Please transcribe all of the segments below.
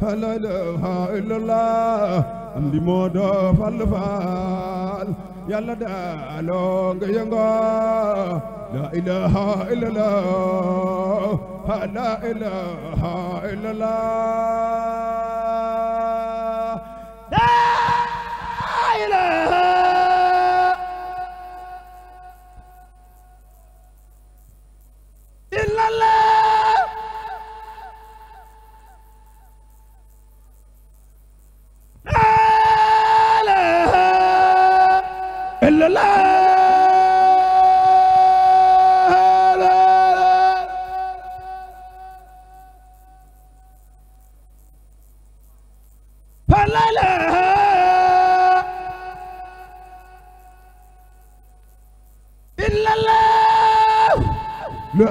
فلا إله إلا الله andi moo doo fal faal yàlla daaloo nga yëngoo la ilaha illallah la ilaha illallah laa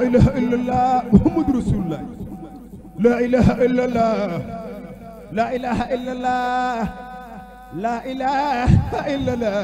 ilaha illallah muhammadu rasulullah laa ilaha illallah laa ilaha illallah laa ilaha illallah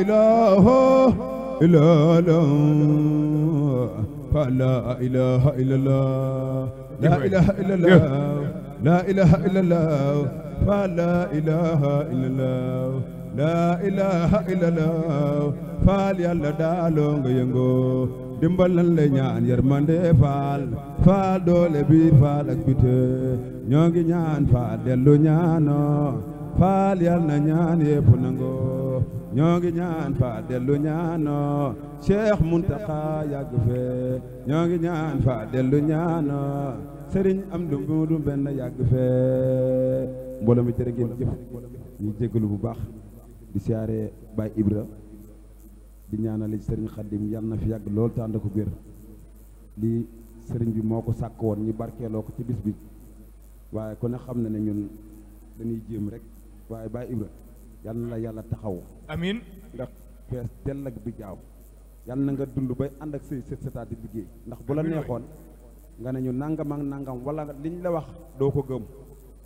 إله إلا الله فلا إله إلا الله لا إله إلا الله لا إله إلا الله فلا إله إلا الله لا إله إلا الله faal yàlla daaloo nga doole bi faal ak bite ñoo ngi ñaan faal dellu ñaanoo faal yàlla na ñaan yépp nangoo ñoo ngi ñaan fa dellu ñaanoo Cheikh Muntaxa yàgg fee ñoo ngi ñaan fa dellu ñaanoo Sëriñ am du mbuudu benn yàgg fee mbooloo mi jërë ngeen jëf ñu jégalu bu baax di siyaare Baay Ibra di ñaanale Sëriñ Xadim yal na fi yàgg lool tànd ko biir lii sëriñ bi moo ko sàkk woon ñu barkeeloo ko ci bis bi waaye ku ne xam na ne ñun dañuy jéem rek waaye Baay Ibra yal na la yàlla taxaw amin nga fees dell ak bi jaaw yal na nga dund bay ànd ak say sët sëtaat di liggéey ndax bu la neexoon nga ne ñu nangam ak nangam wala liñ la wax doo ko gëm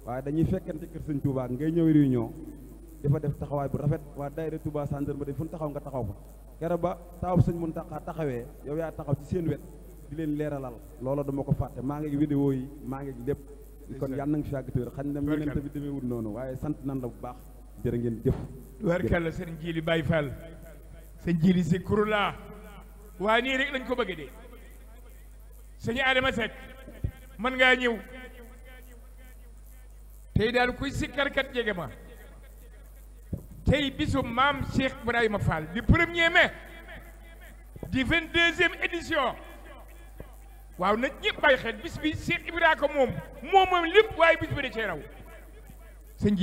waaye dañuy fekkante kër sëñ Touba ngay ñëw réunion dafa def taxawaay bu rafet waa de daayira Touba Sandarma de fu ñu taxaw nga taxaw fa kere ba taawub sëñ Mountakha taxawee yow yaa taxaw ci seen wet di leen leeralal loola dama ko fàtte maa ngi vidéo yi maa ngi lépp kon yàlla na nga fi yàgg te wér xañ na noonu waaye sant nan bu baax jërë ngeen jëf. tubarkalla sëñ Jili Baye Fall sëñ Jili Zikrullah waa nii rek lañ ko bëgg dee sëñ Adama mën ngaa ñëw tey daal kuy sikkarkat jege ma tey bisu maam Cheikh Ibrahima Fall di premier mai di vingt deuxième édition waaw na ñëpp bàyyi xel bis bi Cheikh Ibrahima ko moom moom moom lépp waaye bis bi da cee raw sëñ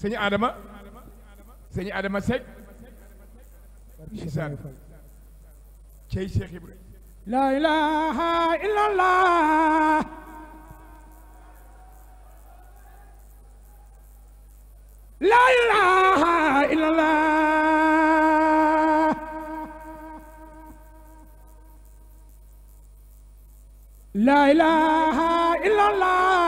sëñ Adama sëñ Adama Seck isaan cey Cheikh Ibra la la ilaha illallah la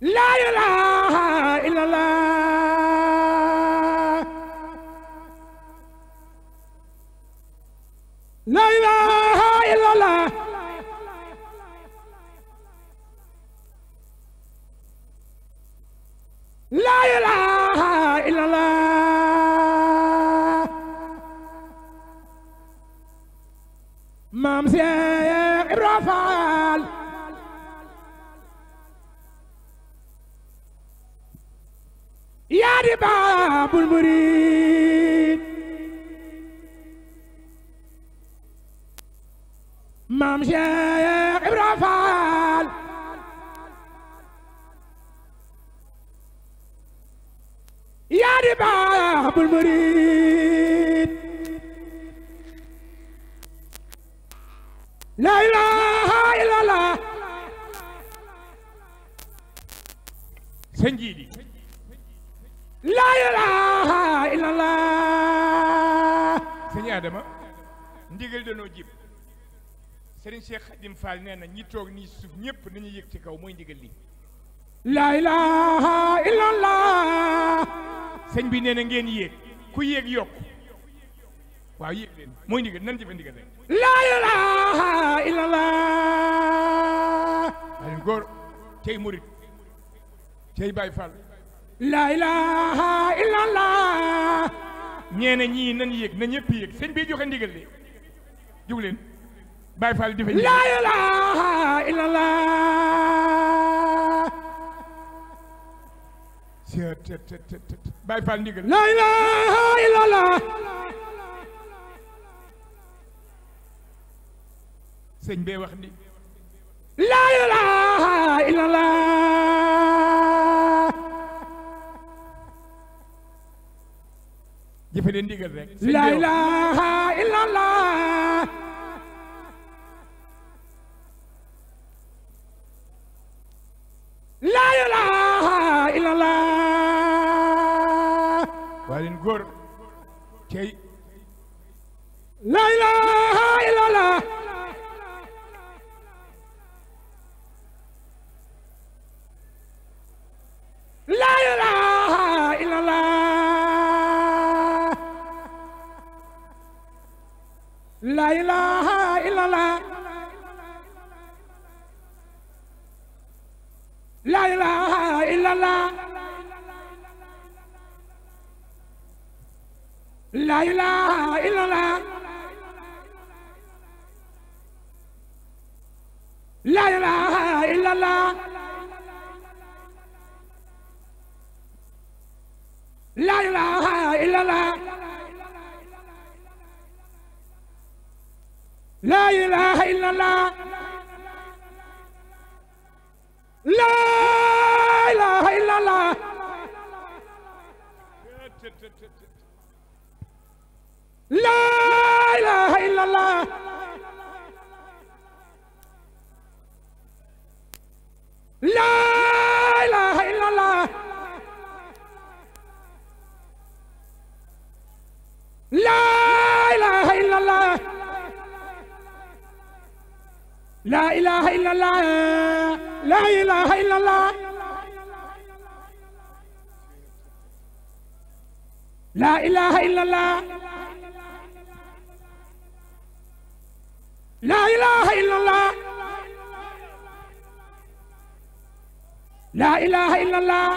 la ilaha illallah Fall nee na ñi toog nii ci kaw mooy ndigal li laa ilaha illallah sëñ bi nee ngeen yéeg ku yéeg yokk waaw yéeg leen mooy ndigal nan jëfe ndigal laa ilaha ay góor tey murit tey Baay Fall laa ilaha illallah ñee na ñii nan yéeg na ñëpp yéeg sëñ bi joxe ndigal li jóg Baay Faal di fa ñëw laa wax ni laa ilaaha illallah jëfe de ndigal rek laa ilaaha illallah laa ilaha illallah laa ilaha illallah laa ilaha illallah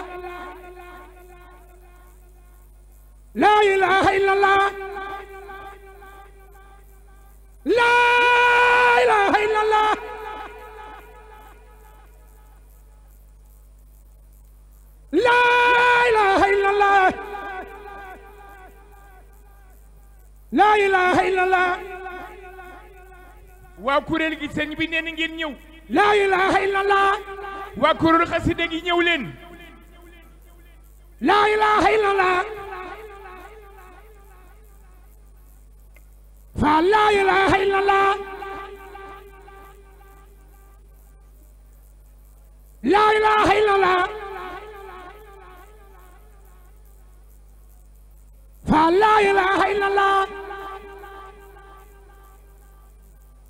laa ilaha illallah laa waa kuréel gi sëñ bi nee laa ilaha illallah. waa kuréel xasida gi ñëw leen. laa ilaha illallah. fa laa ilaha illallah.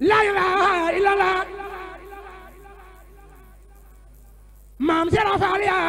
laa ilaaha illallah maam Seex Faal yaa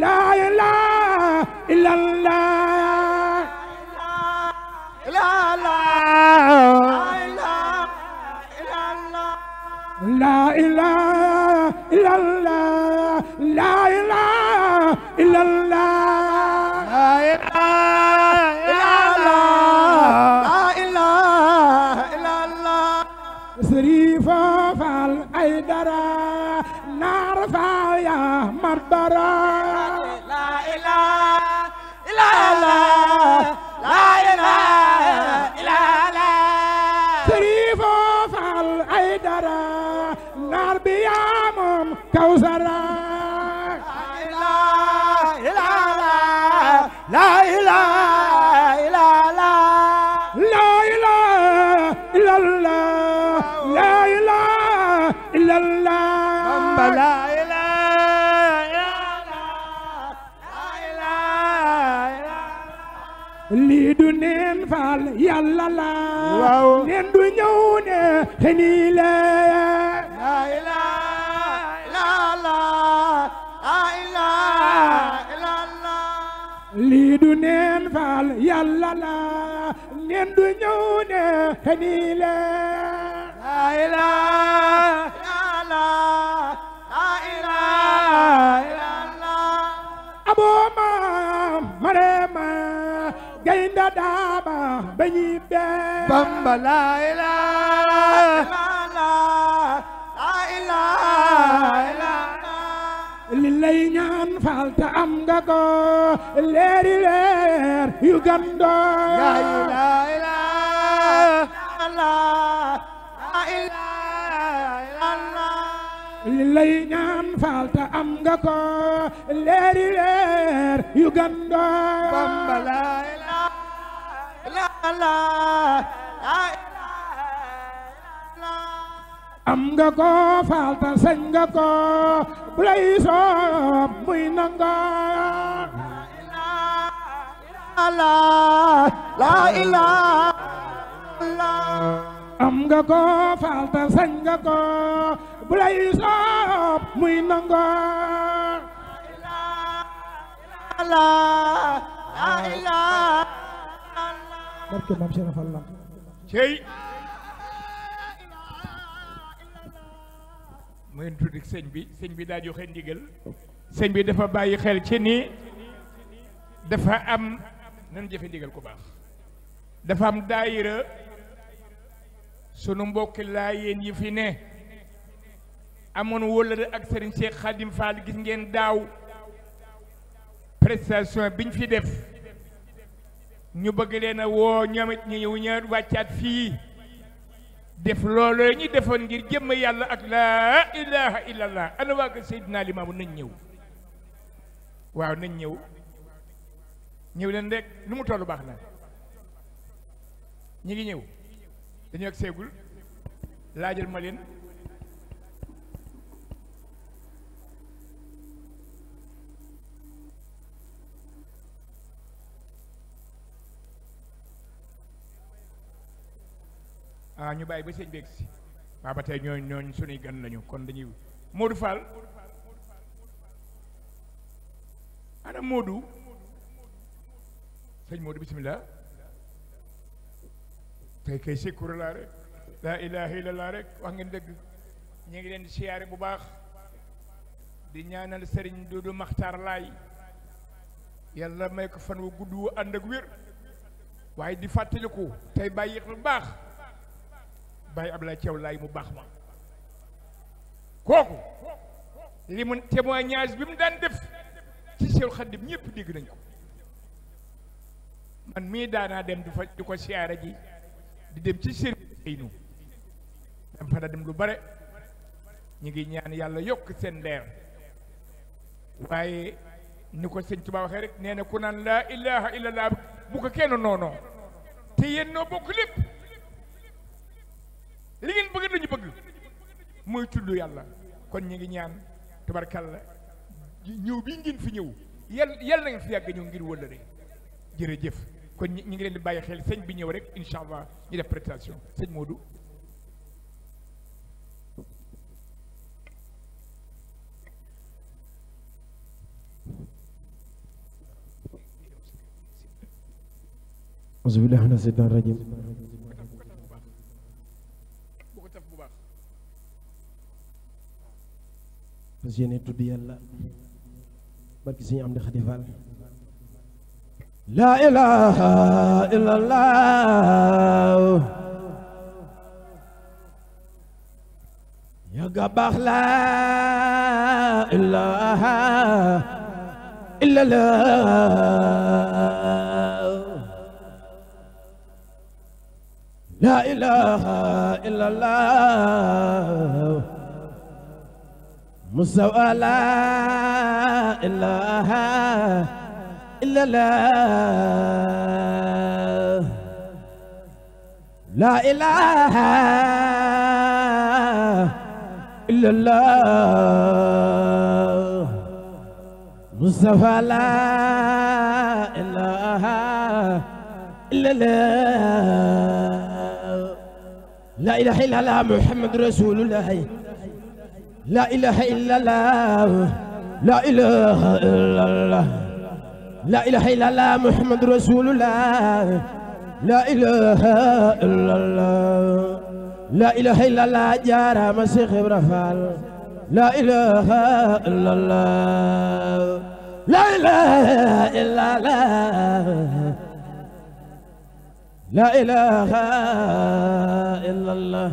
لا إله إلا الله لا لا إله إلا الله لا إله إلا الله لا إله إلا الله لا إله إلا الله شريفة فالأيدرة نعرفها يا مدرة faal yàlla la waaw du ñëw ne te lii du neen faal yàlla la nen du ñëw gaynde lay ñaan falta am nga ko leeri leer yu gando la lay ñaan falta am nga ko leeri leer yu gando am nga ko falta sañ nga bu lay soob muy nanga la ilaha am nga ko falta sañ nga bu lay soob muy nanga la ilaha barke maam Cheikh Fall Lamp sëñ bi sëñ bi daa joxe ndigal sëñ bi dafa bàyyi xel ci ni dafa am nan jëfe ndigal ku baax dafa am daayira sunu mbokki laa yéen yi fi ne amoon wóllëre ak sëriñ Cheikh Khadim Fall gis ngeen daaw prestation biñ fi def ñu bëgg leen a woo ñoom it ñu ñëw ñëw wàccaat fii def loolu ñu defoon ngir jëmm yàlla ak laa ilaha illallah ana waa ko Seydina Limaamu nañ ñëw waaw nañ ñëw ñëw leen rek lu mu tollu baax na ñu ngi ñëw dañu ak seegul laajal ma leen ah ñu bàyyi ba sëñ beeg si waaw ba tey ñooñ ñooñ suñuy gan lañu kon dañuy Modou Fall ana Modou sëñ Modou bisimilah tey kay sikkuru laa rek laa ilaha illallah rek wax ngeen dëgg ñu ngi leen di siyaare bu baax di ñaanal Serigne Doudou Makhtar Laay yàlla may ko fan wu gudd wu ànd ak wér waaye di fàttaliku tey bàyyi bu baax Baye Abdoulaye Thiaw Laye mu baax ma kooku li mu témoignage bi mu daan def ci Seexul Xaadim ñëpp dégg nañ ko man mii daanaa dem du fa di ko siyaara ji di dem ci sëriñ Seynu dem fa dem lu bare ñu ngi ñaan yàlla yokk seen leer waaye ni ko sëñ Tuubaa waxee rek nee na ku naan laa ilaha illallah bu ko kenn noonoo te yéen noo bokk lépp li ngeen bëgg dañu bëgg mooy tudd yàlla kon ñu ngi ñaan tabarkalla ñëw bii ngeen fi ñëw yal yal na ngeen fi yàgg ñëw ngir wëllëre jërëjëf kon ñu ngi leen di bàyyi xel sëñ bi ñëw rek incha allah ñu def prestation sëñ Modou. auzu billahi fas yéene tudd yàlla barki suñu am di xadi fall laa ilaha yaga baax laa ilaha illallah مستوى لا إله إلا الله لا إله إلا الله مستوى لا إله إلا الله لا إله إلا الله محمد رسول الله لا إله إلا الله لا إله إلا الله لا إله إلا الله محمد رسول الله لا إله إلا الله لا إله إلا الله جارة مسيح برفال لا إله إلا الله لا إله إلا الله لا إله إلا الله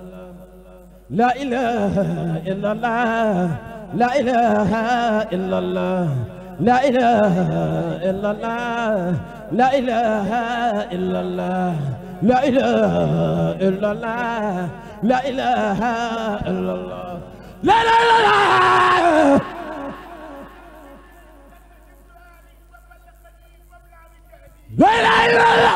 لا إله إلا الله لا إله إلا الله لا إله إلا الله لا إله إلا الله لا إله إلا الله لا إله إلا الله لا لا لا لا لا لا لا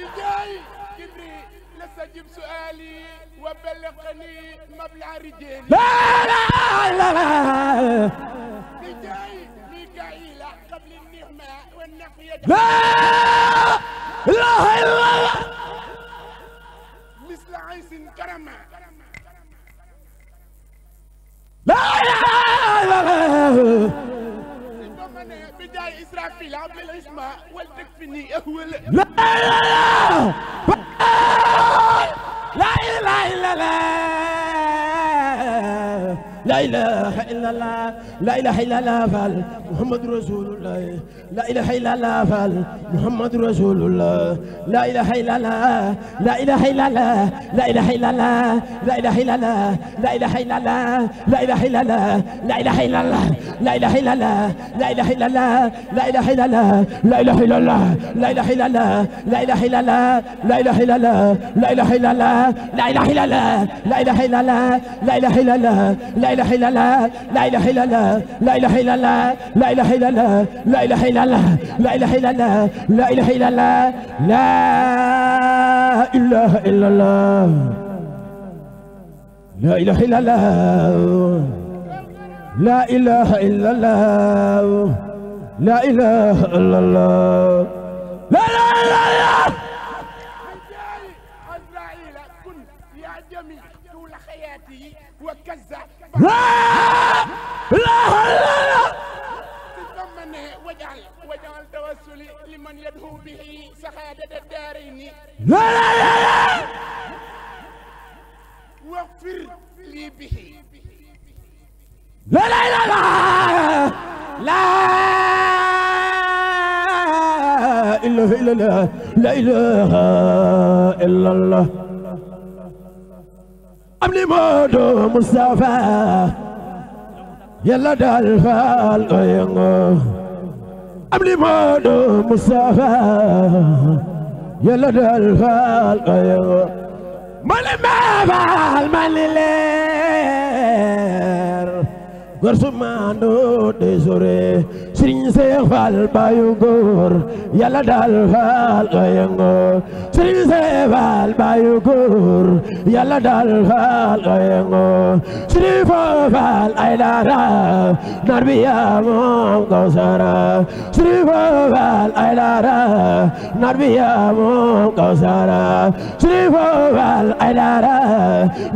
بجاي جبري لستجب سؤالي وبلغني مبلغ رجالي لا لا لا لا بجاي ميكائيل قبل النعمة والنقية لا إله إلا الله مثل عيس كرمة لا إله إلا الله إسرافيل عمل اسمع ولتكفني أول لا لا لا لا إله إلا الله لا إله إلا الله لا إله إلا الله فال محمد رسول الله لا إله إلا الله فال محمد رسول الله لا إله إلا الله لا إله إلا الله لا إله إلا الله لا إله إلا الله لا إله إلا الله لا إله إلا الله لا إله إلا الله لا إله إلا الله لا إله إلا الله لا إله إلا الله لا إله إلا الله لا إله إلا الله لا إله إلا الله لا إله إلا الله لا إله إلا الله لا إله إلا الله لا إله إلا الله لا إله إلا الله لا إله إلا الله لا إله إلا الله لا إله إلا الله لا إله إلا الله لا إله إلا الله لا إله إلا الله لا إله إلا الله لا إله إلا الله لا إله إلا الله لا إله إلا الله لا إله إلا الله لا لا لا لا لا إله إلا الله تضمن واجعل واجعل توسلي لمن يدعو به سعادة الدارين لا لا لا لا واغفر لي به لا لا لا لا لا إله إلا الله لا إله إلا الله am li Moodu Mustafa yàlla daal faal ko am li Moodu Mustafa yàlla daal faal ko yëngu mali ma faal mali leer gorsu maandu de sore Serigne Cheikh Fall bayu góor yàlla daal faal ko yëngoo Serigne Cheikh Fall bayu góor yàlla daal faal ko yëngoo Serigne Cheikh Fall ay daara naar bi yaa moom ko sara Serigne Cheikh Fall ay daara naar bi yaa moom ko sara Serigne Cheikh Fall ay daara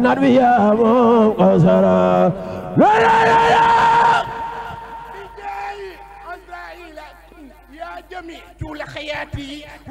naar bi yaa moom ko sara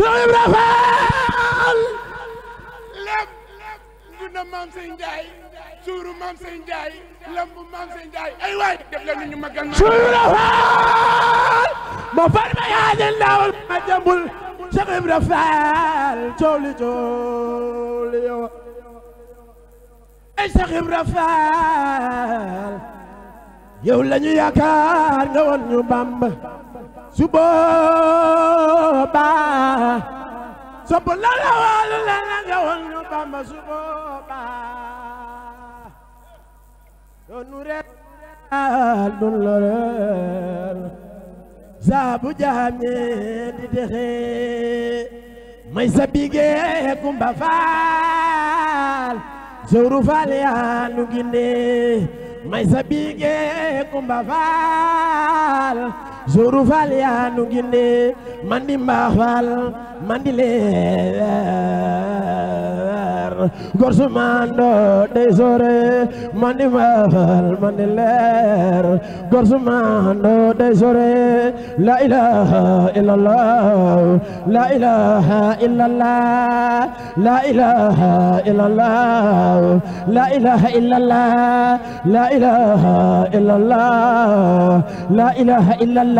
Cheikh Ibra Fall lépp dunda maam sëñ Njaay suuru maam sëñ Njaay lambu maam sëñ Njaay ay waay ma far ma yaajal ndawal ma jambul Cheikh Ibra Fall jooli jooli yow yow la ñu nga woon ñu Bamba su boobaa sopp la la waalu la la nga woon nu Bamba nu reetaal dun loreel jaamee di may sa bigee kumba faal sowru faal yaa nu gindee may sa bigee kumba faal Zoro yaa nu gindee man di leer góor su maandoo day soore man leer góor su maandoo la ilaha illallah la ilaha illallah la ilaha illallah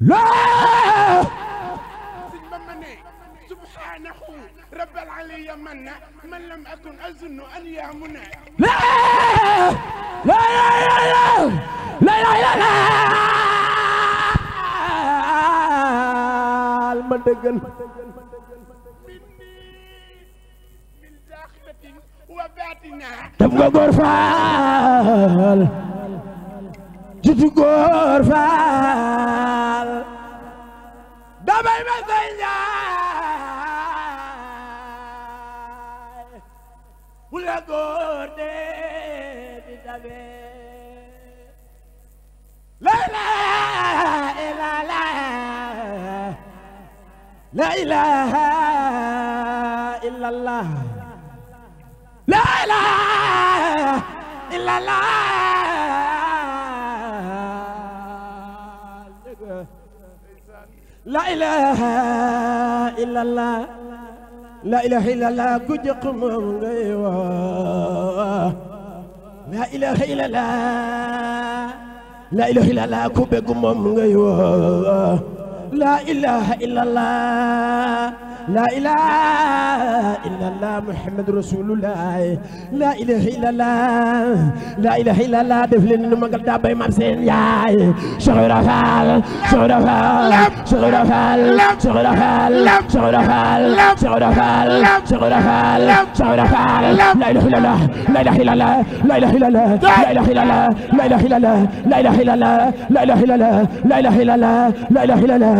laa sëñ Bamba ne subhaanahu rabbal aliya man na man lam akun azunnu an yaamuna la la la la la la ma dëggal minni min daaxiratin wa baatina tam nga góor faal jitu góor faal damay ma say njaay la góor dee di dabe lay la ilaha illallah la ilaha la ilaha illallah ku jëkk moom ngay لا إله إلا الله لا إله إلا الله محمد رسول الله لا إله إلا الله لا إله إلا الله def leen nu magal daa bay maam seen yaay Cheikh Ibra Fall Cheikh Ibra Fall Cheikh Ibra Fall Cheikh Ibra Fall Cheikh Ibra Fall Cheikh Ibra Fall Cheikh Ibra Fall Cheikh Ibra Fall لا إله إلا الله لا إله إلا الله لا إله إلا الله لا إله إلا الله لا إله إلا الله لا إله إلا الله لا إله إلا الله لا إله إلا الله لا إله إلا الله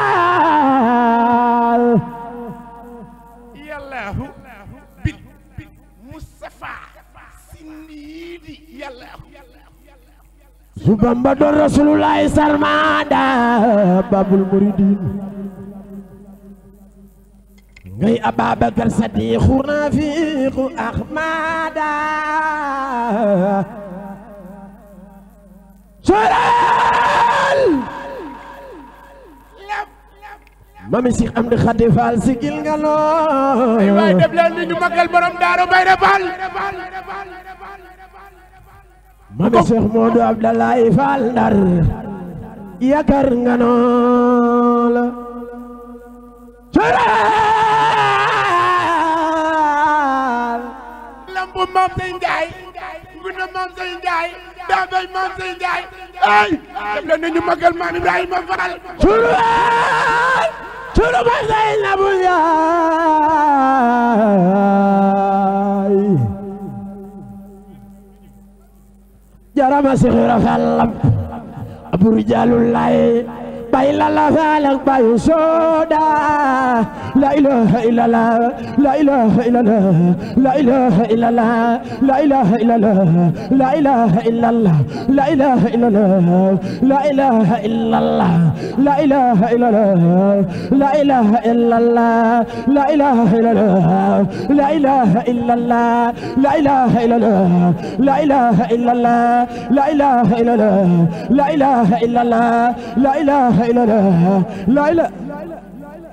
su bamba doon rasulullahi sarmada babul muridin ngay ababakar sadiqu nafiqu ahmada soral mami si am di xadi faal gil nga looy waay def leen borom daaru bayre faal mami Cheikh Modou Abdoulaye Fall Ndar yakar nga noola coral maam say njaay ngunda maam say njaay daabay maam say njaay ay dem leen nañu magal maam Ibrahima Fall coral coral maam say njaay jarama sixira fa lamp abu rijaalullahi bay la la falag bayu soda la ilaha illallah la ilaha illallah la ilaha illallah la ilaha illallah la ilaha illallah la ilaha illallah la ilaha illallah la ilaha illallah la ilaha illallah la ilaha illallah la ilaha illallah la ilaha illallah la ilaha illallah la ilaha illallah la ilaha illallah la ilaha إلا لا لا إله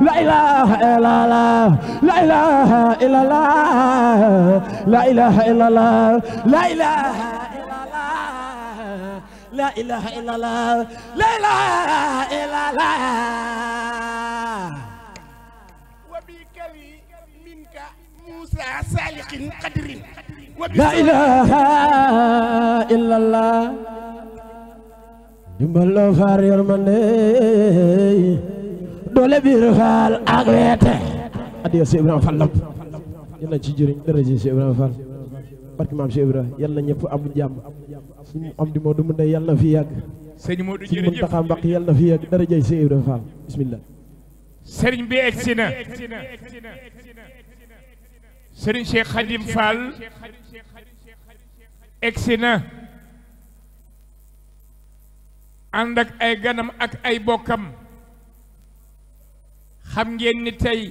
لا إله إلا الله لا إله إلا الله لا إله إلا الله لا إله إلا الله لا إله إلا الله لا إله إلا الله وبك لي منك موسى سالق قدر لا إله إلا الله dimbal la faar yërmande doole biir faal ak weete adiya si lamp yal na ci jëriñ daraje si Ibrahima barki maam si yal na ñëpp am jàmm am di moo du mu na fi yàgg sëñ yal na fi yàgg daraje si Ibrahima Fall bi egg na sëriñ Cheikh Khadim Fall egg na ànd ak ay ganam ak ay bokkam xam ngeen ni tey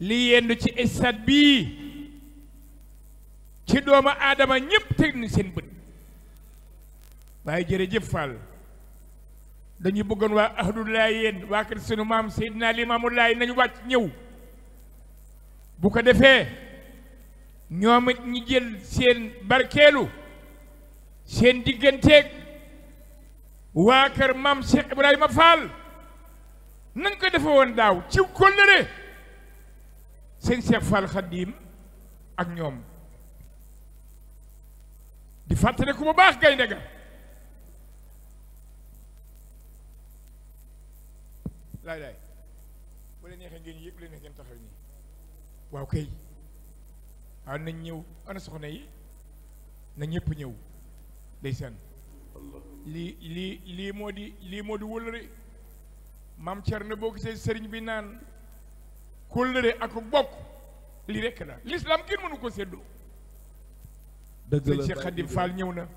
li yendu ci stade bii ci doomu aadama ñëpp teg ni seen bët waaye jërëjëf Fall dañuy bëggoon waa ahdulaa yéen waa kër sunu maam Seydina Limaamu Laay nañu wàcc ñëw bu ko defee ñoom it ñi jël seen barkeelu seen digganteeg waa kër maam Cheikh Ibrahima Fall nañ ko defe woon daaw ci kóllëre sëñ Cheikh Fall Khadim ak ñoom di fàttale ku bu baax gaynde ga laay laay bu leen neexee ngeen yëg bu leen neexee ngeen taxaw nii waaw kay waaw ah, nañ ñëw ana soxna yi na ñëpp ñëw ndeysaan lii lii lii moo di lii moo di wëllëre maam na boo gisee sëriñ bi naan kóllëre ak bokk lii rekk la l'islam kenn mënu ko séddoo dëgg ñëw na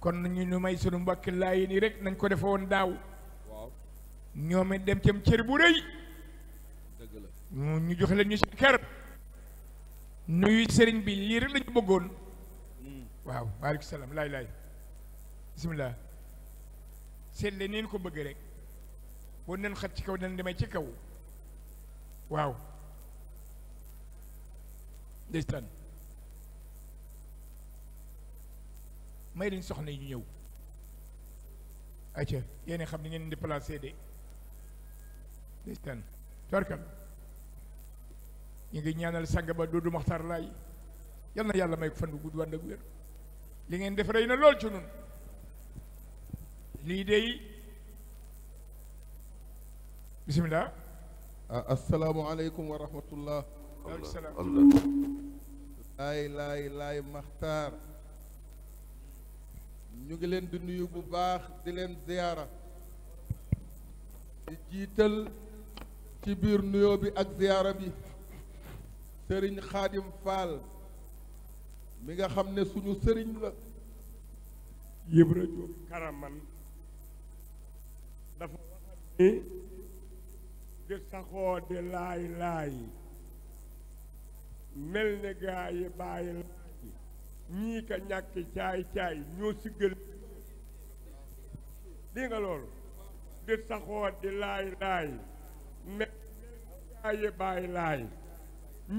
kon ñu nu may mbokki laay nii rek nañ ko defe woon daaw ñoom dem cam cër bu rëy ñu joxe leen ñu si sëriñ bi lii rek lañu bëggoon hmm. waaw waaleykum salaam laay laay bisimilah seet leen neen ko bëgg rek boo nen xat ci kaw dana demee ci kaw waaw ndeysaan may dañ soxna yi ñu ñëw acca yéen xam ni ngeen di placé de ndeysaan torkal ñu ngi ñaanal sàng ba Doudou Maxtaar Laay yal na yàlla may ko fan bu gudd wànd ak wér li ngeen def rey na lool ci nun lii dey bisimilah. asalaamualeykum wa rahmatullah. laay laay laay maxtaar. ñu ngi leen di nuyu bu baax di leen ziyaara. di jiital ci biir nuyoo bi ak ziyaara bi. sëriñ xaadim faal mi nga xam ne suñu sëriñ la yëbra jóob karaman dafa wax ni di saxoo di laay laayi mel ne gaa yi bàyyi laayi ñii ka ñàkk caay-caay ñoo siggal di nga loolu di saxoo di laay laayi mel ne gaa yi bàyyi laayi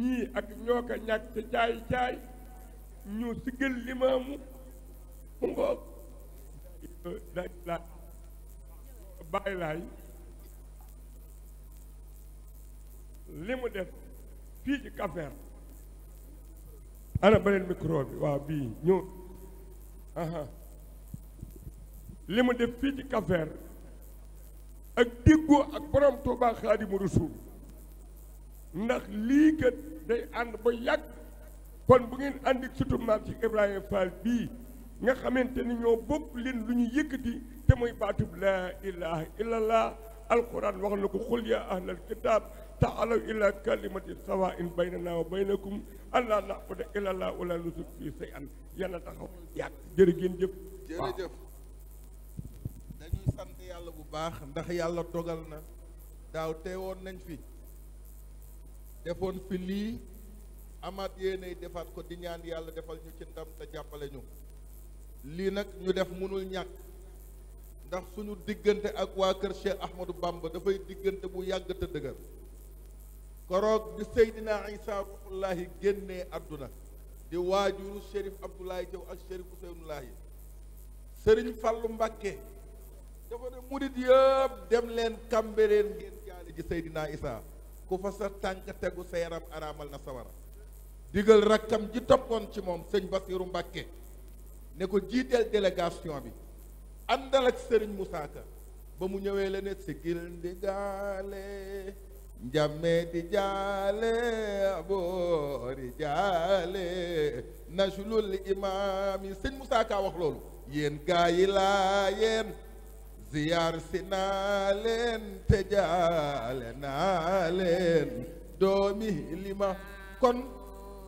ñii ak ñoo ka ñàkk caay-caay ñoo siggal limaamu mu ngoog dañ laay laay li mu def fii ci Kaffer ana beneen micro bi waaw bii ñu li mu def fii ci Kaffer ak déggoo ak borom Tuubaa Xaadimu Rasuul ndax lii kat day ànd ba yàgg kon bu ngeen àndik surtout maam ci Ibrahima Fall bii nga xamante ni ñoo bopp leen lu ñu yëkkati te mooy baatub laa ilaha illallah alquran wax na ko xul yaa ahlal kitaab taalaw ila kalimatin sawain baynana wa baynakum allah na'budu illa allah wala nusuk fii shay'an yàlla taxaw yàgg jërë ngeen jëf dañuy sant yàlla bu baax ndax yàlla dogal na daaw teewoon nañ fi defoon fi lii amaat yéenay defaat ko di ñaan yàlla defal ñu ci ndam te jàppale ñu lii nag ñu def mënul ñàkk ndax suñu diggante ak waa kër Cheikh Ahmadou Bamba dafay diggante bu yàgg te dëgër koroog di Seydina Isa ruxullaahi génnee àdduna di waajuru Chérif Abdoulaye Diaw ak Chérif Ousseynoulahi Sëriñ Fallu Mbàkke dafa ne murit yëpp dem leen Kàmbereen ngeen jaale ji Seydina Isa ku fa sa tànk tegu sa yaram araamal na sawara digal rakkam ji toppoon ci moom sëñ Basiiru Mbàkke ne ko jiiteel délégation bi àndal ak Sëriñ Musaa ba mu ñëwee la ne sigil ndigaale njame di jaale aboori jaale najlul imaami sëñ Moussa Ka wax loolu yéen gaa yi laa yéen ziyaar si naa leen te jaale naa leen doomi lima kon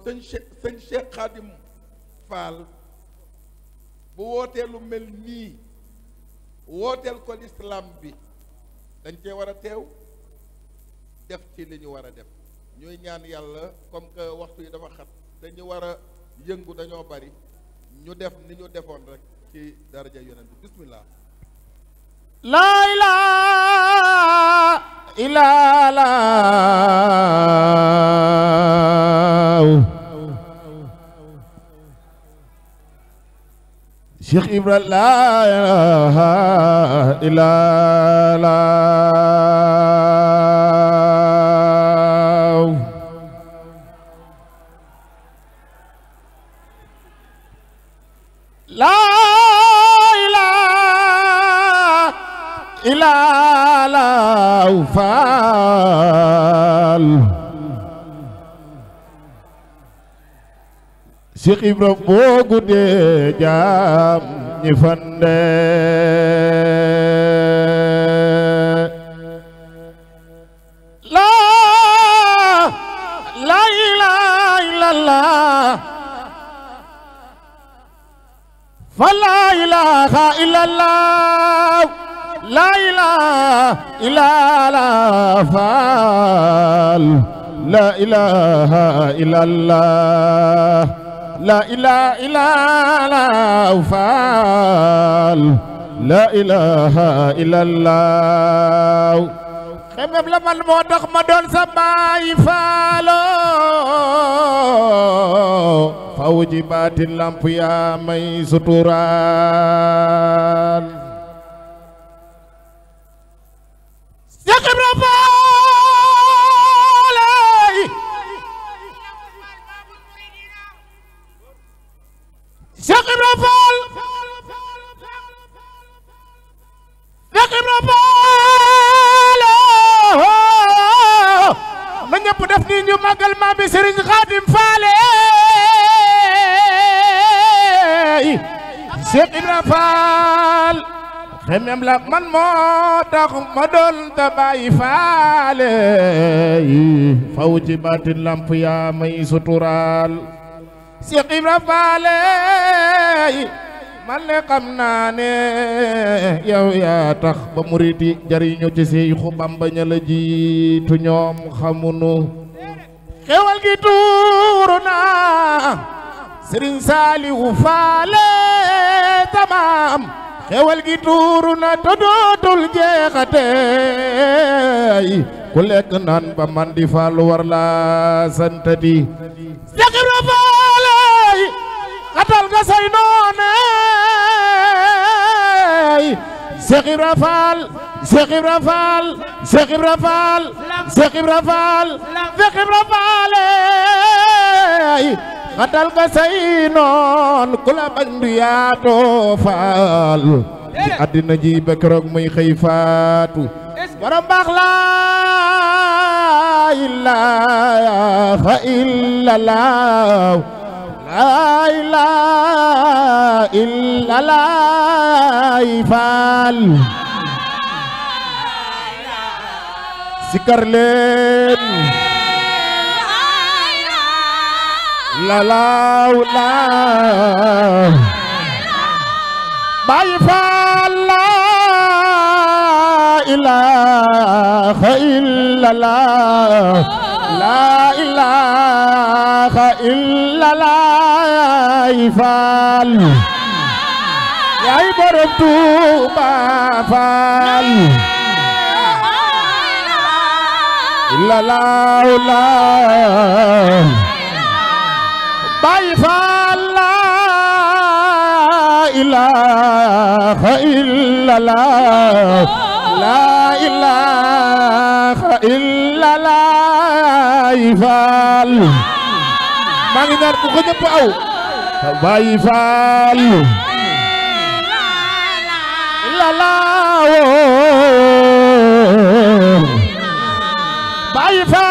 sëñ Cheikh sëñ Cheikh Khadim Fall bu wootee mel nii wooteel ko lislaam bi dañ cee war a teew def ci li ñu war a def ñuy ñaan yàlla comme que waxtu yi dafa xat dañu war a yëngu dañoo bari ñu def ni ñu defoon rek ci daraja yonent bi bismillah laa ilaaha laa aw faal Cheikh Ibra moo guddee jaam ñi fande laa laa ilaaha illallaah fa laa ilaaha illallaah لا إله إلا لا فال لا إله إلا الله لا إله إلا لا فال لا إله إلا الله xemem la man moo ma doon sa baay faalo faw ji baatin lamp yaa may suturaal Cheikh Ibra Faal Cheikh Ibra Faal Cheikh Ibra Faal na ñëpp def ni ñu màggal maam bi Serigne Khadim Faale Cheikh Ibra Faal xemem la man moo tax ma ta bàyyi faale yi faw baatin lamp yaa may suturaal si xibra faale man ne xam naa ne yow yaa tax ba murit jariñu ci Seexu Bamba ña la jiitu ñoom xamunu xewal gi tuuru naa Sëriñ Saaliwu faale tamaam xewal gi tuuru na to dootul ku lekk naan ba man di faalu war la santati sakiro faaley xatal nga say nooney sakiro faal sakiro faal sakiro faal sakiro faal faaley xatal nga say noon ku la bañ du yaatoo faal eh. ci àddina ji ba keroog muy xëy faatu borom baax laa ilaaha illallaahu laa ilaaha illallaahu faal sikar leen la la la Baay Faal la ilaha illallah la ilaha illallah Faal yaay borom Tuuba Faal la la la Baay Faal laa ilaaha illallaah laa ilaaha illallaah Baay maa ngi naan bu aw Baay Faal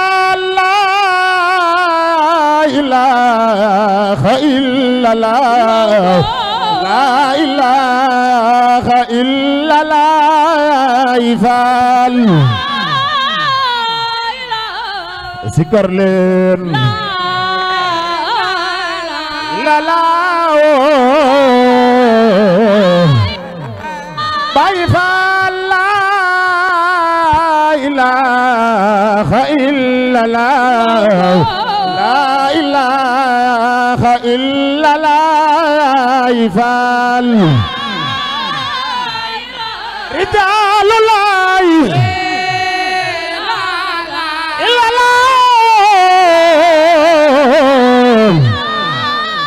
إله إلا الله لا إله إلا الله فال ذكر لين لا لا باي فال لا إله إلا الله إله إلا لا يفعل رجال الله إلا لا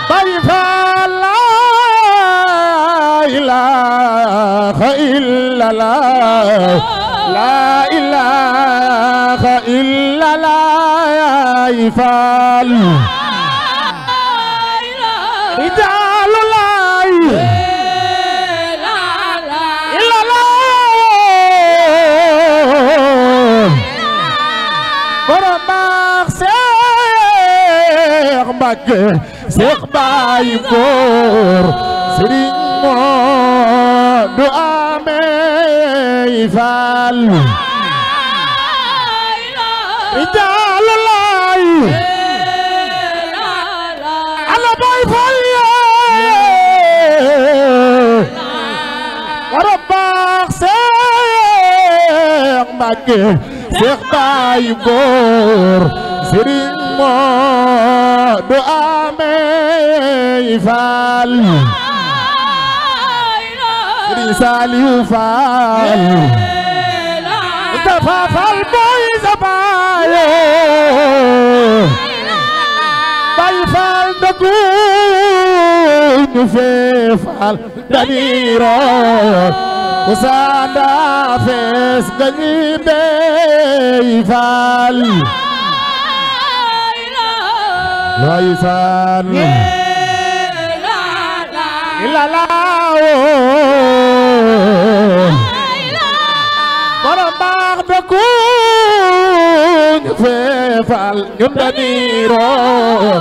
طيب لا إله إلا لا لا إله إلا لا يفعل Seex Baay Góor Sëriñ Moodu Amey Faal rijaalu laay ala Baay Faal yee wara baax Seex Mbàkke Seex Baay Góor Sëriñ Moodu du amee faal Sëriñ Saliou Faal Mustafa Faal mooy sa baayo Baay Faal dëggu ñu fee faal dañuy root ku saanda fees gañi bey faal ndeysaan la la borom baax be ku ñu feefal ñun dañuy roo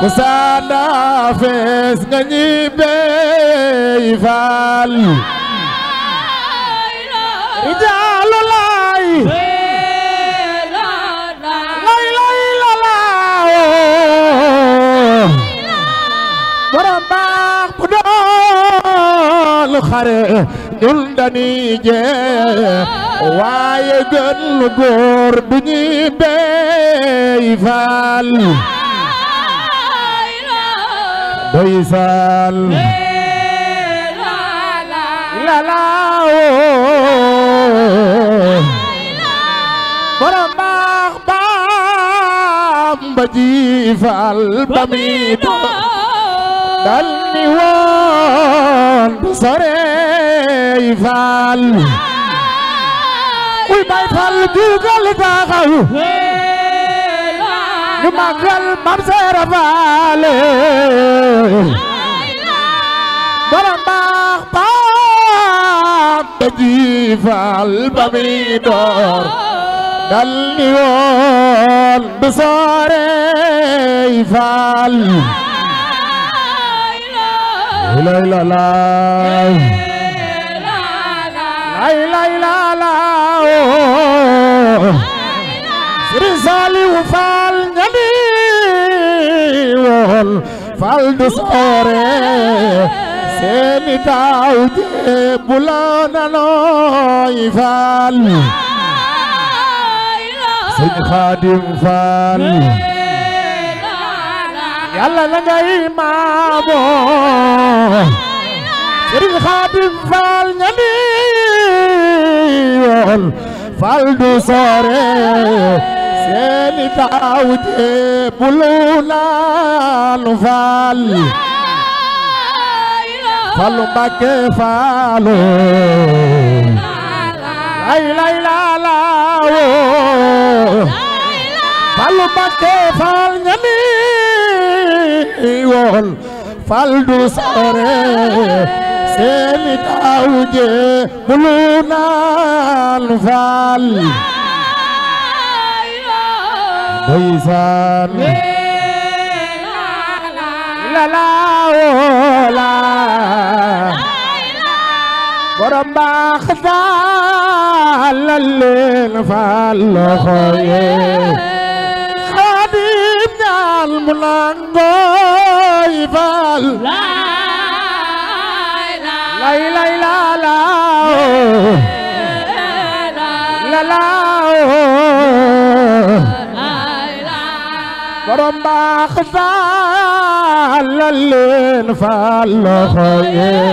ku saana fees nga ñibbey faal rijaalu laay xare ñun dañuy jee waaye gën lu góor du ñuy béy faal béy faal la la woo borom baax baam ba ji faal ba mi dal ni woon du sorey faal uy bay faal jugal taxaw ñu màggal mam seera faale borom baax baax daji faal ba muy door dal ni woon du sorey faal لا لا لا لا لا لا رسالي وفال نبي فال دسوري سيني داود بولانا نوي فال سيد خادم فال yàlla la ngay maamo sëriñ Xaadim Faal ñami yool faal du soore seeni taaw jébulu naanu faal faalu Mbàkke faalu lay lay laalaawo faalu Mbàkke faal ñami wol fal du soore seeni taaw jee bulu naan fal ndeysaan la la woola borom baax daal leen fal loxo yee faal mu naan ngooy faal lay lay laa laa laa borom baax faal la leen faal loxo yee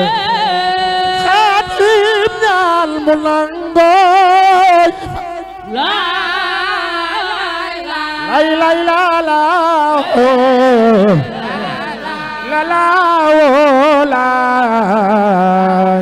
xaatim ñaal mu naan ngooy faal la la oh. la oh,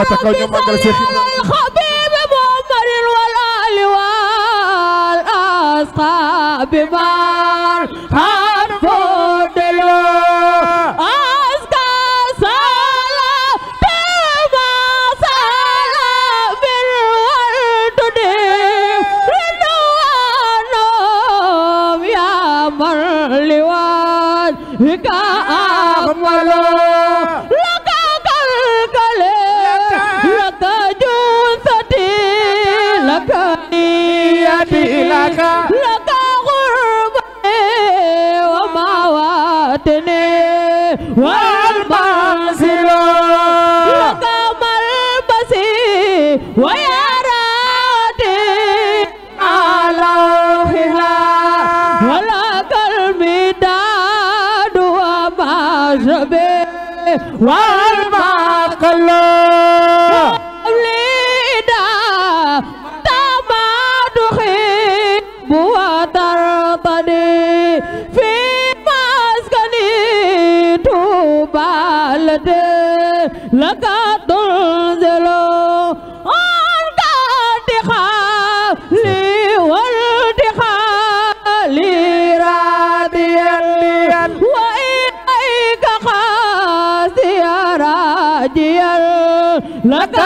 loxo ca kaw ñu màggal si xabib muhammadin wal ali wal asxaabi والمنزل وقام البسي ويا رادي على هلا ولك المداد وما جبه لك تنزل أنت دخالي والدخالي راديا وإليك خاسيا راجيا لك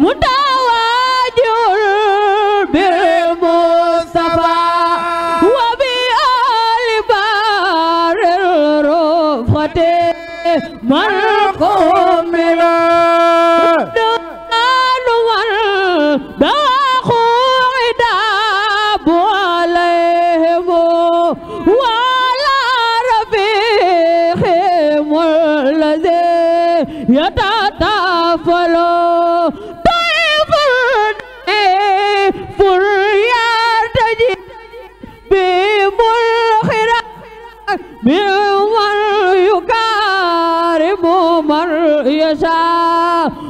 mu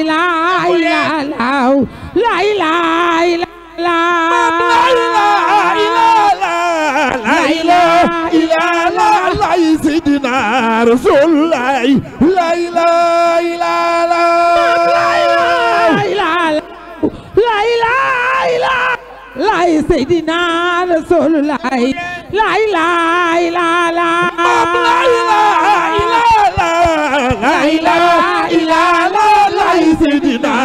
ilaha illallah la ilaha illallah sayyidina rasulullah la ilaha illallah la ilaha illallah sayyidina rasulullah la ilaha illallah la ilaha illallah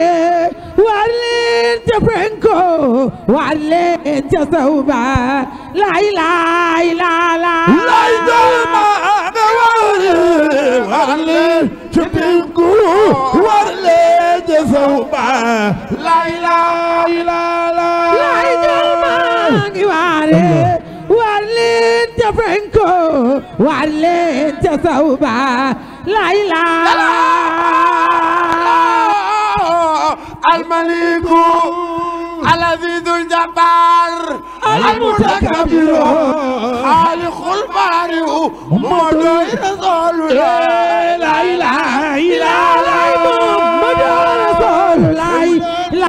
war leen ca penko war leen ca sawba lay lay lala lay dalma ana war leen ca penko war leen ca sawba lay lay lala lay dalma ngi ware war leen ca penko war leen ca sawba lay lay المليك الذي ذو الجبار المتكبر خالق البارئ مولى رسول لا اله الا محمد رسول الله لا اله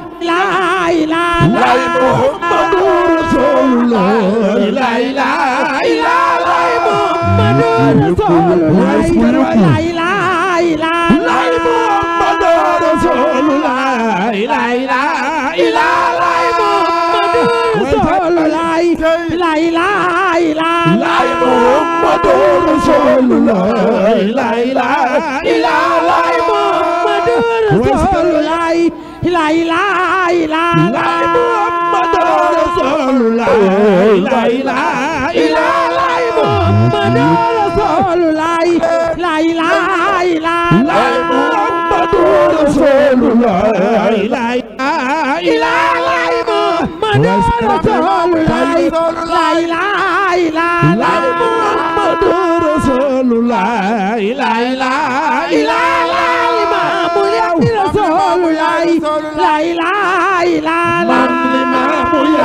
الا الله محمد رسول الله لا اله الا الله محمد رسول الله ilaa ilaa ilaa laay Muhammadu Rasulullaay ilaa ilaa ilaa laay Muhammadu Rasulullaay ilaa ilaa ilaa laay Muhammadu Rasulullaay ilaa ilaa ilaa laay Muhammadu Rasulullaay ilaa ilaa ilaa laay Muhammadu rasulullah la ilaha illa allah rasulullah la ilaha illa allah rasulullah la ilaha illa allah muhammadur rasulullah la ilaha illa allah muhammadur rasulullah la ilaha illa allah muhammadur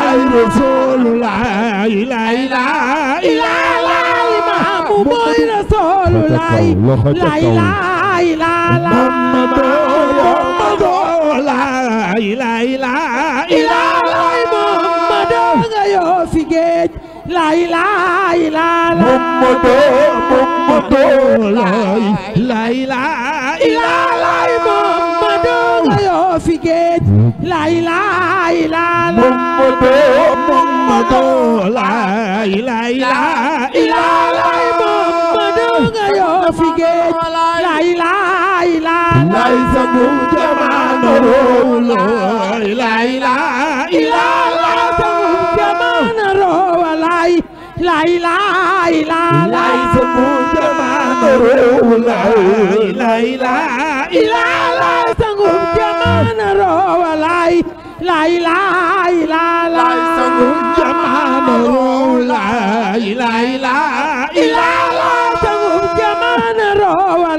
rasulullah la ilaha illa allah la ilaha illa allah muhammadu nga yoo fi géej la ilaha illa allah muhammadu muhammadu la ilaha illa allah muhammadu nga yoo fi géej la ilaha illa allah muhammadu muhammadu la ilaha illa la la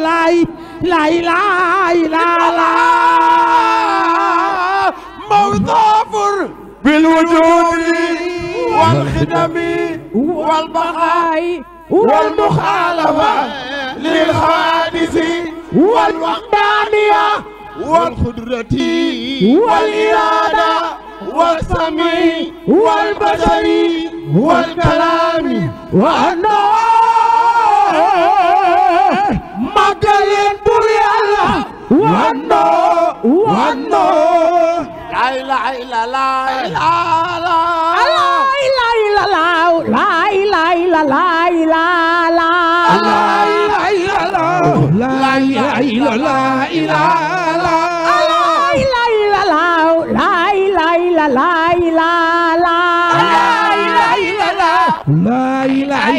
laay laay laay laay mawdaafur bil wujuudi wal xidami wal baxaay wal muxaalafa lil xaadisi wal waqdaaniya wal xudrati wal iraada wal sami wal basari wal kalaami wa annaa màggaleen bur yàlla wannoo wannoo laa ilaaha illallaah laa ilaaha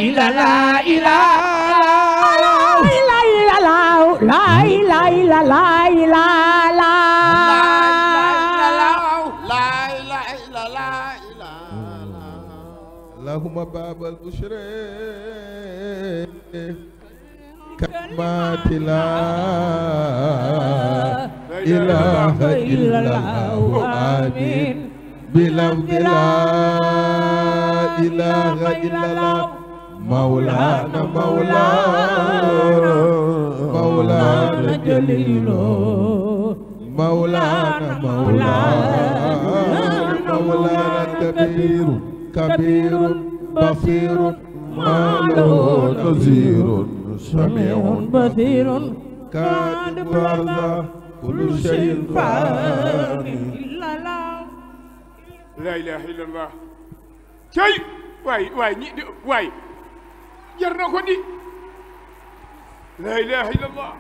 illallaah laa ilaaha illallaah la ilaha illa la ilaha la اللهم باب البشرى كما لا إله إلا الله آمين بلا لا إله إلا الله مولانا مولانا مولانا جليل مولانا مولانا مولانا كبير كبير بصير ما له نظير سميع بصير كان برزا كل شيء فاني لا اله الا الله شيء واي واي واي jar na ko di la ilaha illallah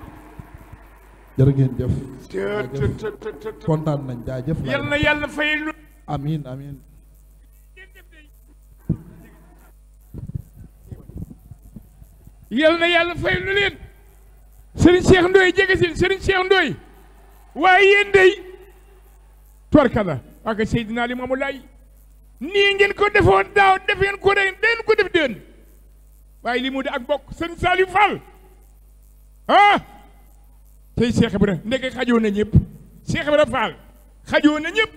jërë ngeen jëf kontaan nañ jaajëf yal na yàlla fay lu amin amin yal na yàlla fay lu leen sëriñ Cheikh Ndoye jege si sëriñ Cheikh Ndoye waaye yéen dey torkala ak Seydina Limaamu Laay nii ngeen ko defoon daaw def ngeen ko ko def déen waaye li mu de ak bokk sëñ Saliou fal ah tey Cheikh Ibrahima ndeke xajoo na ñëpp Cheikh Ibrahima Fall xajoo na ñëpp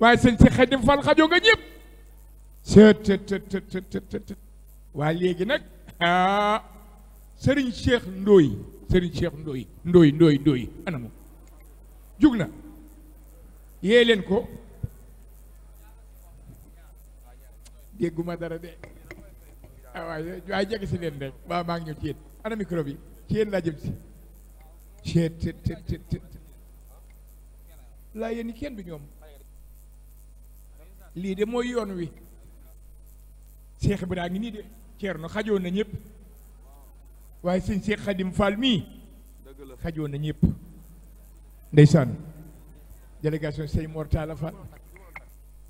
waaye sëñ Cheikh Xadim xajoo nga ñëpp sëtëtëtëtëtëtët waa léegi nag ah Serigne Cheikh Ndoye Serigne Cheikh Ndoye Ndoye Ndoye Ndoye anamu jug na yee leen ko dégguma dara de ah waaye jege si leen rek waaw maa ngi ñëw ci yéen ana micro bi ci yéen laa jëm si. ceet ceet ceet ceet laa kenn du ñoom lii de mooy yoon wi seex bi daa ngi nii de ceerno xajoon na ñëpp waaye sëñ seex xadim faal mii xajoon na ñëpp ndeysaan délégation sëñ Mor Talla Fall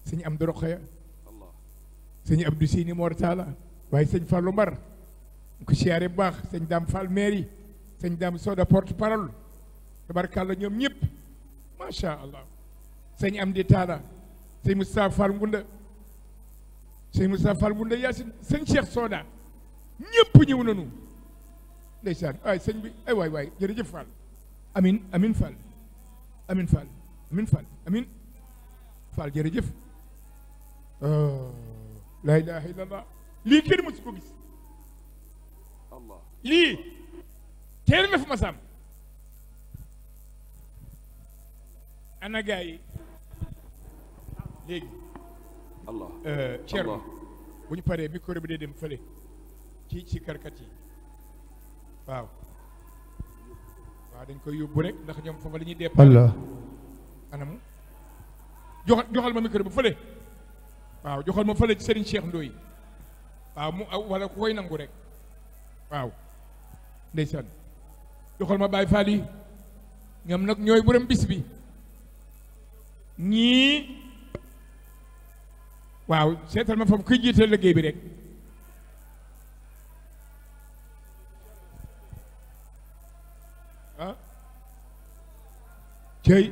sëñ Amdu Roxaya sëñ Abdu Sini Mor Talla waaye sëñ Fallou Mbar ku siyaare bu baax sëñ Dame Fall mairie sëñ Dame Soda porte parole tabarkàlla ñoom ñëpp macha allah sëñ Amdi Talla sëñ Moustapha Fall Ngunda sëñ Moustapha Fall Ngunda Yacine sëñ Cheikh Soda ñëpp ñëw nañu ndeysaan waay sëñ bi ay waay waay jërëjëf Fall amin amin Fall amin Fall amin Fall amin Fall jërëjëf oh, la ilaha lii kenn mësu ko gis lii kenn dafa ma sàmm ana yi léegi allah cher euh, bu ñu paree micro bi dee dem fële ci ci karkat yi waaw waaw dañ koy yóbbu rek ndax ñoom foofa la ñuy dee allah anam joxal joxal ma micro bi fële waaw joxal ma fële ci Serigne Cheikh Ndoye waaw mu ah, wala ku koy nangu rek waaw ndeysaan joxal ma Baay Faal ñoom nag ñooy borom bis bi ñii waaw seetal ma foofu kuy jiite liggéey bi rek ah cey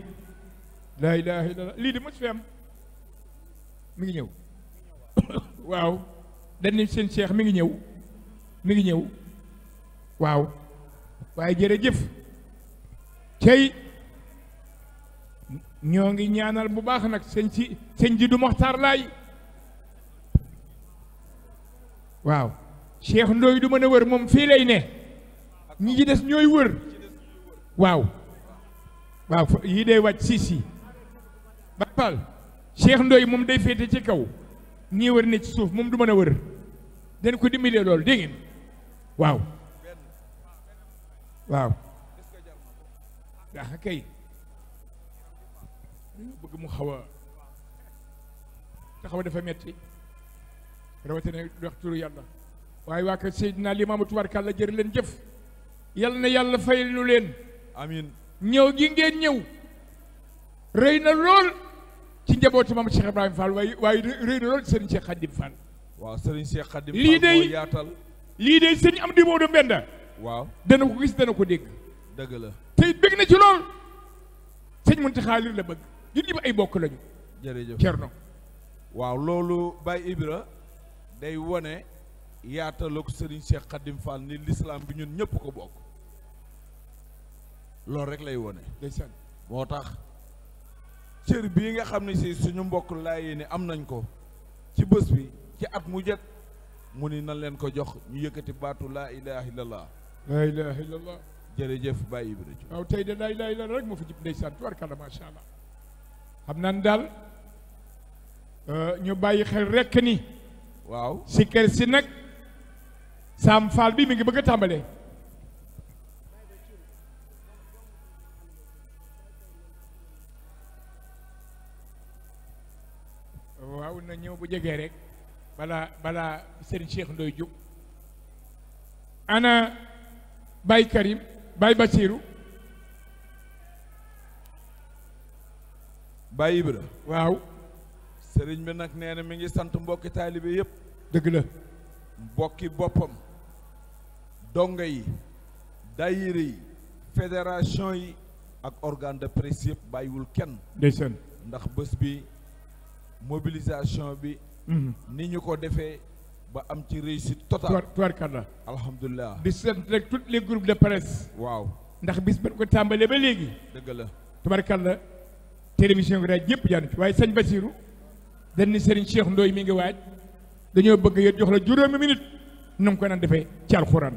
laa ilaaha illallaah lii di mos fi am mi ngi ñëw waaw dañu seen Cheikh mi ngi ñëw mi ngi ñëw waaw waaye jërëjëf cey ñoo ngi ñaanal bu baax nag sëñ ci sëñ ji du Moxtaar laay waaw Cheikh Ndoy du mën a wër moom fii lay ne ñi ci des ñooy wër waaw waaw yii day wàcc siis yi ba pal Cheikh Ndoy moom day féete ci kaw ñii wër ne ci suuf moom du mën a wër dañ ko dimbalee loolu dégg ngeen waaw waaw daa ah, kay bëgg mu xaw a taxaw dafa metti rawatina wax turu yàlla waaye waa kër Seydina Limaamu tubaarkàlla jër leen jëf yal na yàlla fayal lu leen amiin ñëw gi ngeen ñëw rëy na lool ci njabootu maam Cheikh Ibrahima Fall waaye waaye rëy na lool Serigne Cheikh Khadim Fall. waaw Serigne lii de sëñ am di moo do mbenda waaw dana ko gis dana ko dégg. dëgg la te bëgg na ci lool sëñ Mountakha la bëgg ñun ñëpp ay bokk lañu. jërëjëf Thierno. waaw loolu Baye Ibra day wone yaataloog Serigne Cheikh Khadim Fall ni l'islam bi ñun ñëpp ko bokk loolu rek lay wone. moo tax. cër bii nga xam ne si suñu mbokk laayee ne am nañ ko ci bés bi ci at mu jëkk mu ni na leen ko jox ñu yëkkati baatu laa ilaha illallah laa ilaha illallah jërëjëf Baye waaw tey de laa ilaha illallah rek moo fi jib ndeysaan tubarkalla macha allah xam naan daal euh, ñu bàyyi xel rekk ni waaw si kër si nag saam faal bi mi ngi bëgg a tàmbalee bu jegee rek balaa balaa Serigne Cheikh Ndoye jóg ana Baye Karim Baye Bassirou Baye Ibra waaw sëriñ bi nag nee mi ngi sant mbokki taalibe yépp dëgg la mbokki boppam donga yi dayire yi fédération yi ak organe de presse yëpp bàyyiwul kenn ndeysaan ndax bés bi mobilisation bi. Mhm. ni ñu ko defee ba am ci réussite totale. tubaarkalla alhamdulilah. di seen rek tous les groupes de presse. waaw ndax bis ba ko tàmbalee ba léegi. dëgg la tubaarkalla télévision bi daal yëpp jaanu ci waaye sëñ Basiru dañ ni Serigne Cheikh Ndoye mi ngi waaj dañoo bëgg yéen jox la juróomi minute nu mu ko naan defee ci alxuraan.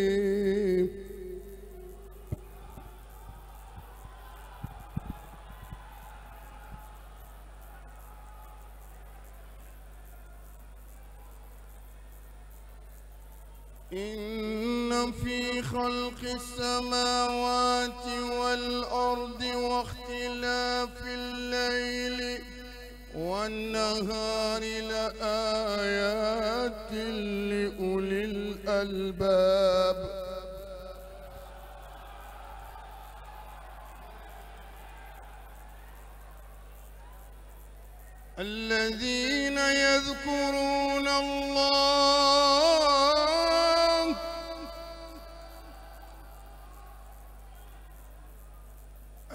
إن في خلق السماوات والأرض واختلاف الليل والنهار لآيات لأولي الألباب الذين يذكرون الله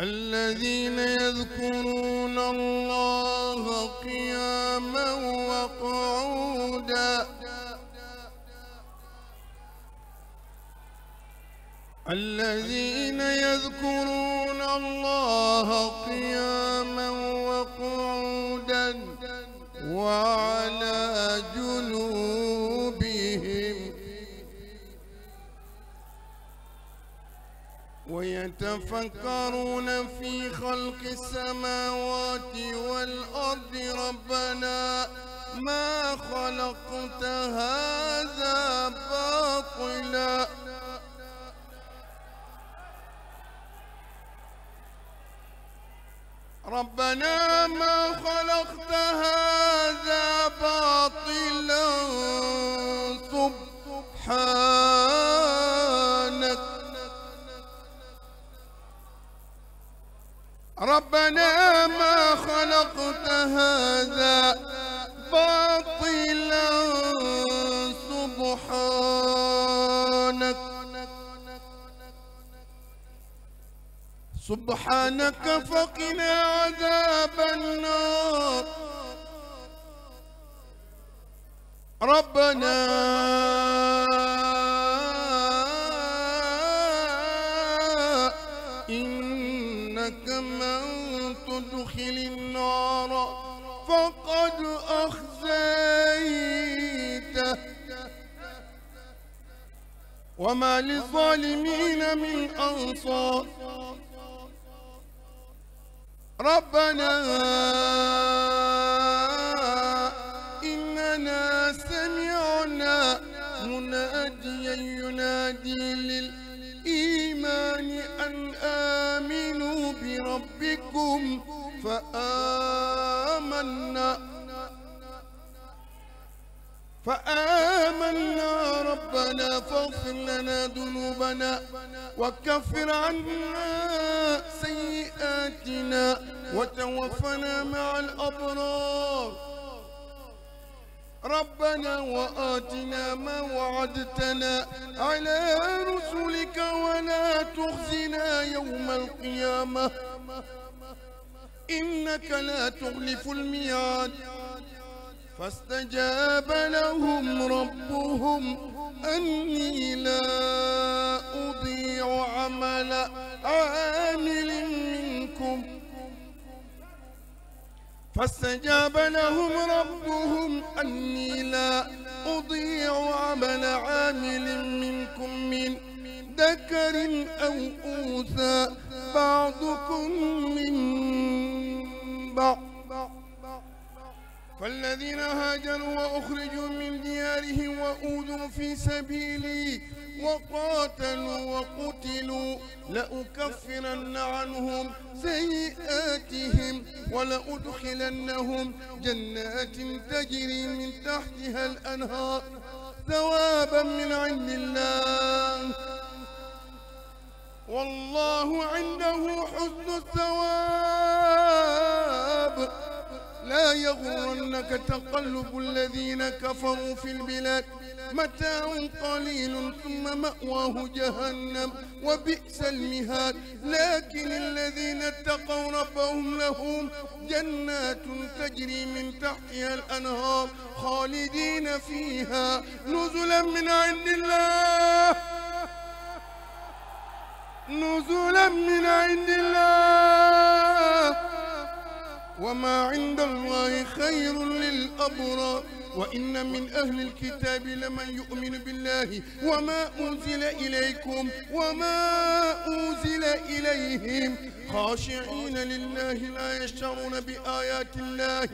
الذين يذكرون الله قياما وقعودا الذين يذكرون الله قياما وقعودا وعلى ويتفكرون في خلق السماوات والأرض ربنا ما خلقت هذا باطلا ربنا ما خلقت هذا باطلا سبحانك ربنا ما خلقت هذا باطلا سبحانك سبحانك فقنا عذاب النار ربنا وما للظالمين من أنصار ربنا إننا سمعنا مناديا ينادي للإيمان أن آمنوا بربكم فآمنا فآمنا ربنا فاغفر لنا ذنوبنا وكفر عنا سيئاتنا وتوفنا مع الأبرار ربنا وآتنا ما وعدتنا على رسلك ولا تخزنا يوم القيامة إنك لا تخلف الميعاد فاستجاب لهم ربهم أني لا أضيع عمل عامل منكم فاستجاب لهم ربهم أني لا أضيع عمل عامل منكم من ذكر أو أنثى بعضكم من بعض فالذين هاجروا وأخرجوا من ديارهم وأوذوا في سبيلي وقاتلوا وقتلوا لأكفرن عنهم سيئاتهم ولأدخلنهم جنات تجري من تحتها الأنهار ثوابا من عند الله والله عنده حسن الثواب لا يغرنك تقلب الذين كفروا في البلاد متاع قليل ثم مأواه جهنم وبئس المهاد لكن الذين اتقوا ربهم لهم جنات تجري من تحتها الأنهار خالدين فيها نزلا من عند الله نزلا من عند الله وما عند الله خير للأبرار وإن من أهل الكتاب لمن يؤمن بالله وما أنزل إليكم وما أنزل إليهم خاشعين لله لا يشترون بآيات الله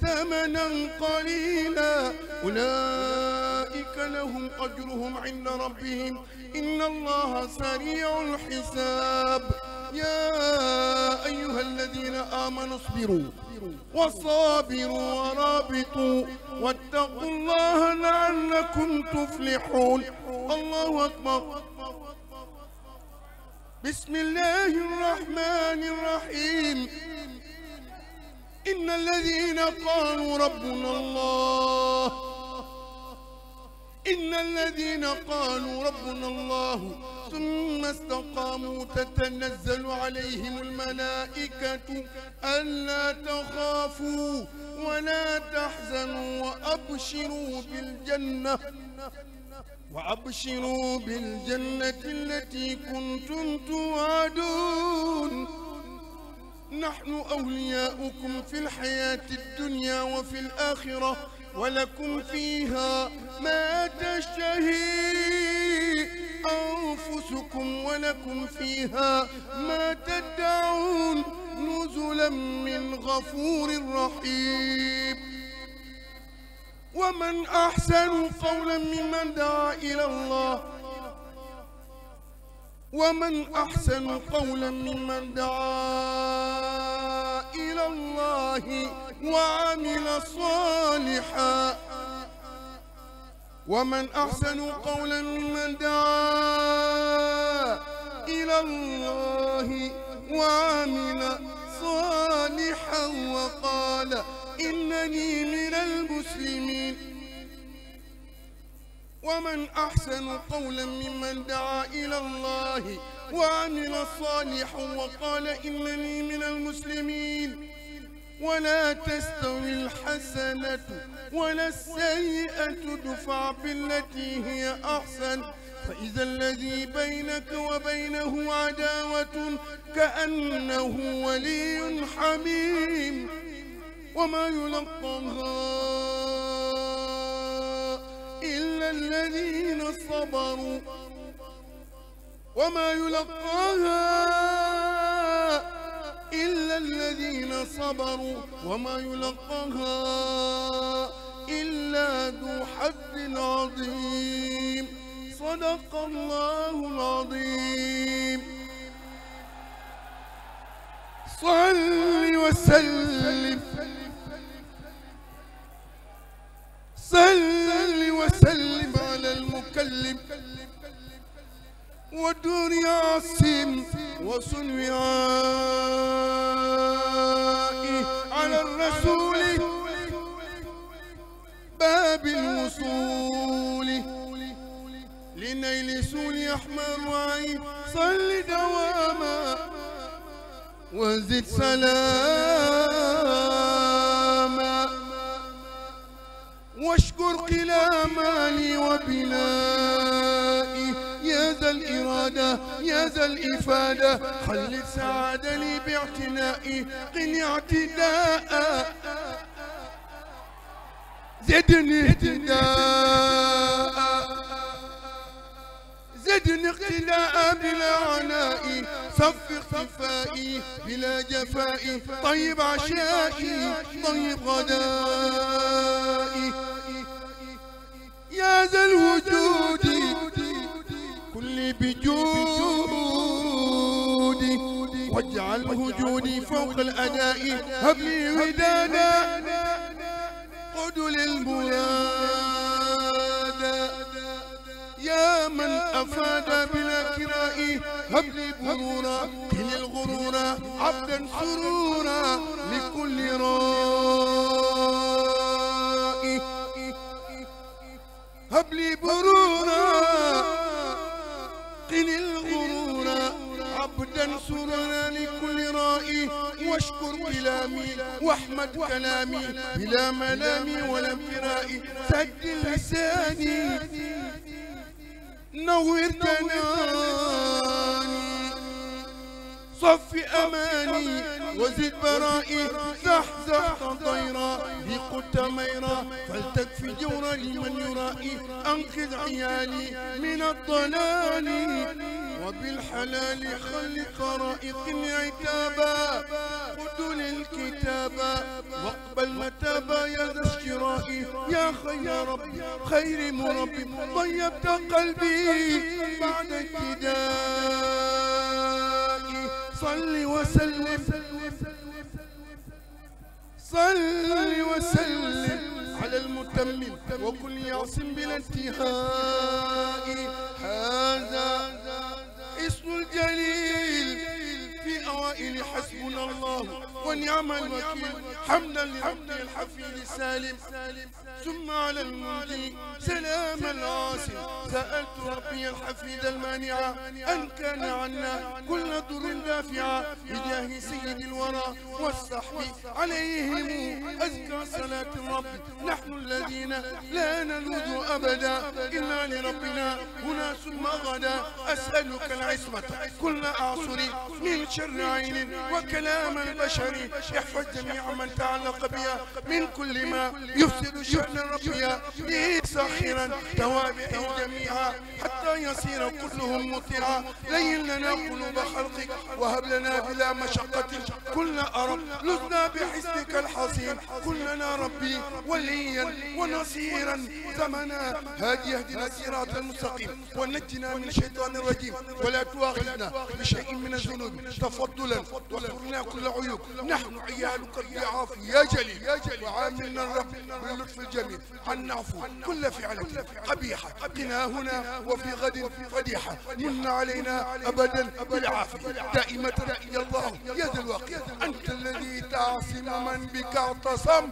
ثمنا قليلا أولئك لهم أجرهم عند ربهم إن الله سريع الحساب يا أيها الذين آمنوا اصبروا وصابروا ورابطوا واتقوا الله لعلكم تفلحون الله أكبر بسم الله الرحمن الرحيم إن الذين قالوا ربنا الله إن الذين قالوا ربنا الله ثم استقاموا تتنزل عليهم الملائكة ألا تخافوا ولا تحزنوا وأبشروا بالجنة وأبشروا بالجنة التي كنتم توعدون نحن أولياؤكم في الحياة الدنيا وفي الآخرة ولكم فيها ما تشتهي أنفسكم ولكم فيها ما تدعون نزلا من غفور رحيم ومن أحسن قولا ممن دعا إلى الله ومن أحسن قولا ممن دعا إلى الله وعمل صالحا ومن أحسن قولا ممن دعا إلى الله وعمل صالحا وقال إنني من المسلمين ومن أحسن قولا ممن دعا إلى الله وعمل صالحا وقال إنني من المسلمين ولا تستوي الحسنة ولا السيئة دفع بالتي هي أحسن فإذا الذي بينك وبينه عداوة كأنه ولي حميم وما يلقاها إلا الذين صبروا وما يلقاها إلا الذين صبروا وما يلقاها إلا ذو حد عظيم صدق الله العظيم صل وسلم صل وسلم على المكلم ودور ياسين وصل وعائي على الرسول باب الوصول لنيل سول أحمر وعين صل دواما وزد سلام واشكر قلاماني وبلائي يا ذا الإرادة يا ذا الإفادة خل السعادة لي باعتنائي قني اعتداء زدني اهتداء زدني اقتلاء بلا عنائي صف اختفائي بلا جفائي طيب عشائي طيب غدائي ذا الوجود كل بجودي واجعله جودي فوق الأداء هب لي ودانا قد للمراد يا من أفاد بلا كراء هب لي برورا كل الغرور عبدا سرورا لكل راد habli burura qilil ghurura abdan surana li kulli ra'i washkur kilami wahmad kalami bila manami wala mira'i sadd lisani نور تناني صف أماني وزد برائي زح زحا طيرا بقت ميرا فلتكفي جورا لمن يرائي أنقذ عيالي من الضلال وبالحلال خل طرائقني عتابا قد للكتابا واقبل متابا يا ذا اشترائي يا خير ربي خير مربي طيبت قلبي بعد ابتدائي صل وسلم صل وسلم على المتمم وكل يعصم بلا انتهاء هذا اسم الجليل القائل حسبنا الله ونعم الوكيل حمدا لربي الحفيظ السالم ثم على المنجي سلام العاصم سألت ربي الحفيظ المانع أن كان عنا كل ضر دافعا بجاه سيد الورى والصحب عليهم أزكى صلاة ربي نحن الذين لا نلوذ أبدا إلا لربنا هنا ثم غدا أسألك العصمة كل أعصري من شر عين وكلام البشر احفظ جميع من تعلق بها من كل ما يفسد شأن ربها به ساخرا توابع جميعا حتى يصير كلهم مطيعا لين لنا قلوب خلقك وهب لنا بلا مشقة كل أرب لذنا بحسنك الحصين كلنا ربي وليا ونصيرا زمنا هادي اهدنا الصراط المستقيم ونجنا من الشيطان الرجيم ولا تؤاخذنا بشيء من الذنوب تفضل تفضلا واغفرنا كل عيوب نحن عيالك الضعاف يا جليل وعاملنا الرب باللطف الجميل أن نعفو كل فعلة قبيحة قنا هنا وفي غد فديحة من علينا أبدا بالعافية دائمة يا الله يا ذا الوقت أنت الذي تعصم من بك اعتصم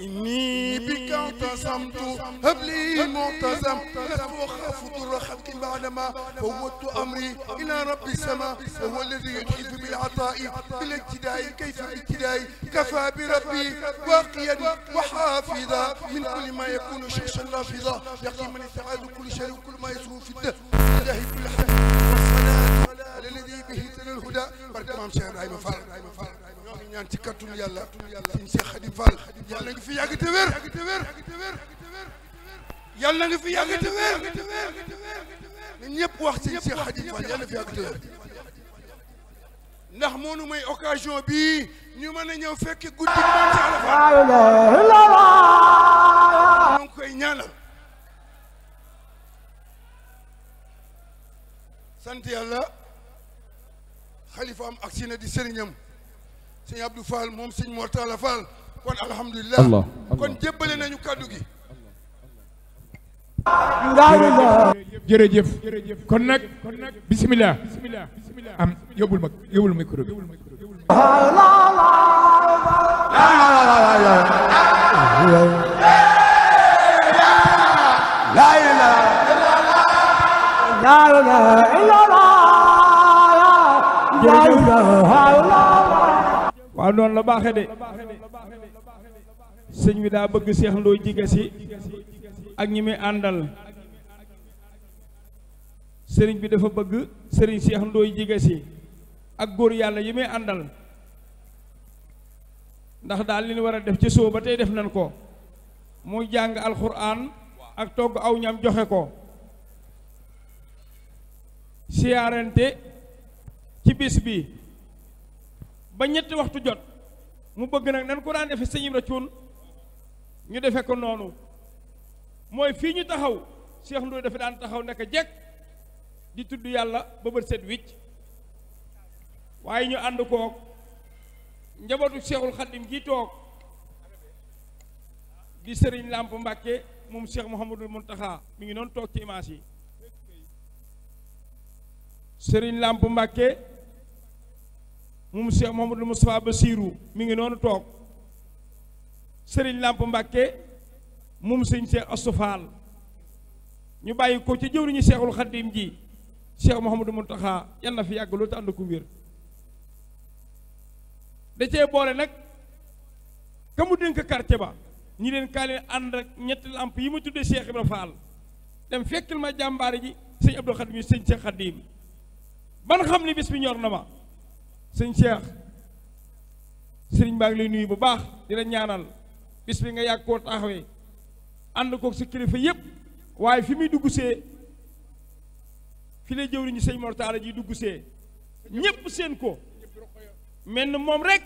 إني بك اعتصمت هب لي معتصم لست وخاف ضر خلق بعدما فوضت أمري إلى رب السماء وهو الذي يجحد بالعطاء بالابتداء كيف بالابتداء كفى بربي واقيا وحافظا من كل ما يكون شخصا لافظا يقي من استعاذ كل شر وكل ما يسوء في الدهر لله كل حمد والصلاة على الذي به تنال الهدى بركة مام شيخ إبراهيم فارغ ñaan ci kattun yàlla suñ Cheikh Khadim yàlla nga fi yàgg te wér yàlla nga fi yàgg te wér na ñëpp wax suñ Cheikh Khadim Fall yàlla fi yàgg te wér ndax moo nu may occasion bii ñu mën a ñëw fekk guddi moom ci Arafat ñoo ngi koy ñaanal sant yàlla xalifaam ak si na di sëriñam sëñ Abdou Fall moom sëñ Mortala Fall kon alhamdulilah kon jébbale nañu kàddu gi jërëjëf jërëjëf kon nag bismillah am yóbbul ma yóbbul micro bi la ilaha illallah waaw noonu la baaxe de sëñ bi daa bëgg Seex Ndooy jiga si ak ñi muy àndal sëriñ bi dafa bëgg sëriñ Seex Ndooy jiga si ak góor yàlla yi muy àndal ndax daal li war a def ci soo ba tey def nañ ko muy jàng alxuraan ak togg aw ñam joxe ko siyaarante ci bis bi ba ñetti waxtu jot mu bëgg nag nan ko daan defe sëñ Ibra Cuun ñu defe ko noonu mooy fii ñu taxaw Cheikh Ndoye dafa daan taxaw nekk jekk di tudd yàlla ba bët set wicc waaye ñu ànd koog njabootu Cheikhul Xaddim gi toog di sëriñ Làmp Mbàkke moom Cheikh Mouhamadul taxaa mi ngi noonu toog ci image yi sëriñ Làmp Mbàkke moom Cheikh Mouhamadou Moustapha Bassirou mi ngi noonu toog sëriñ Lamp Mbàkke moom sëñ Cheikh Astou Fall ñu bàyyi ko ci jëwriñu Cheikhul Khadim ji Cheikh Mouhamadou Mountakha yal na fi yàgg loolu te ànd ko wér da cee boole nag ka mu dénk quartier ba ñi leen kaa ànd ak ñetti lamp yi ma tuddee Cheikh Ibra Fall dem fekkil ma jàmbaare ji sëñ Abdou Khadim yi sëñ Cheikh Khadim ban xam ni bis bi ñor na ma sëñ Cheikh sëriñ baa ngi lay nuyu bu baax di la ñaanal bis bi nga yàgg koo taxawee ànd kook sa kilifa yépp waaye fi muy dugg see fi lay jëwriñu sëñ Mortala ji dugg see ñépp seen ko mel ni moom rek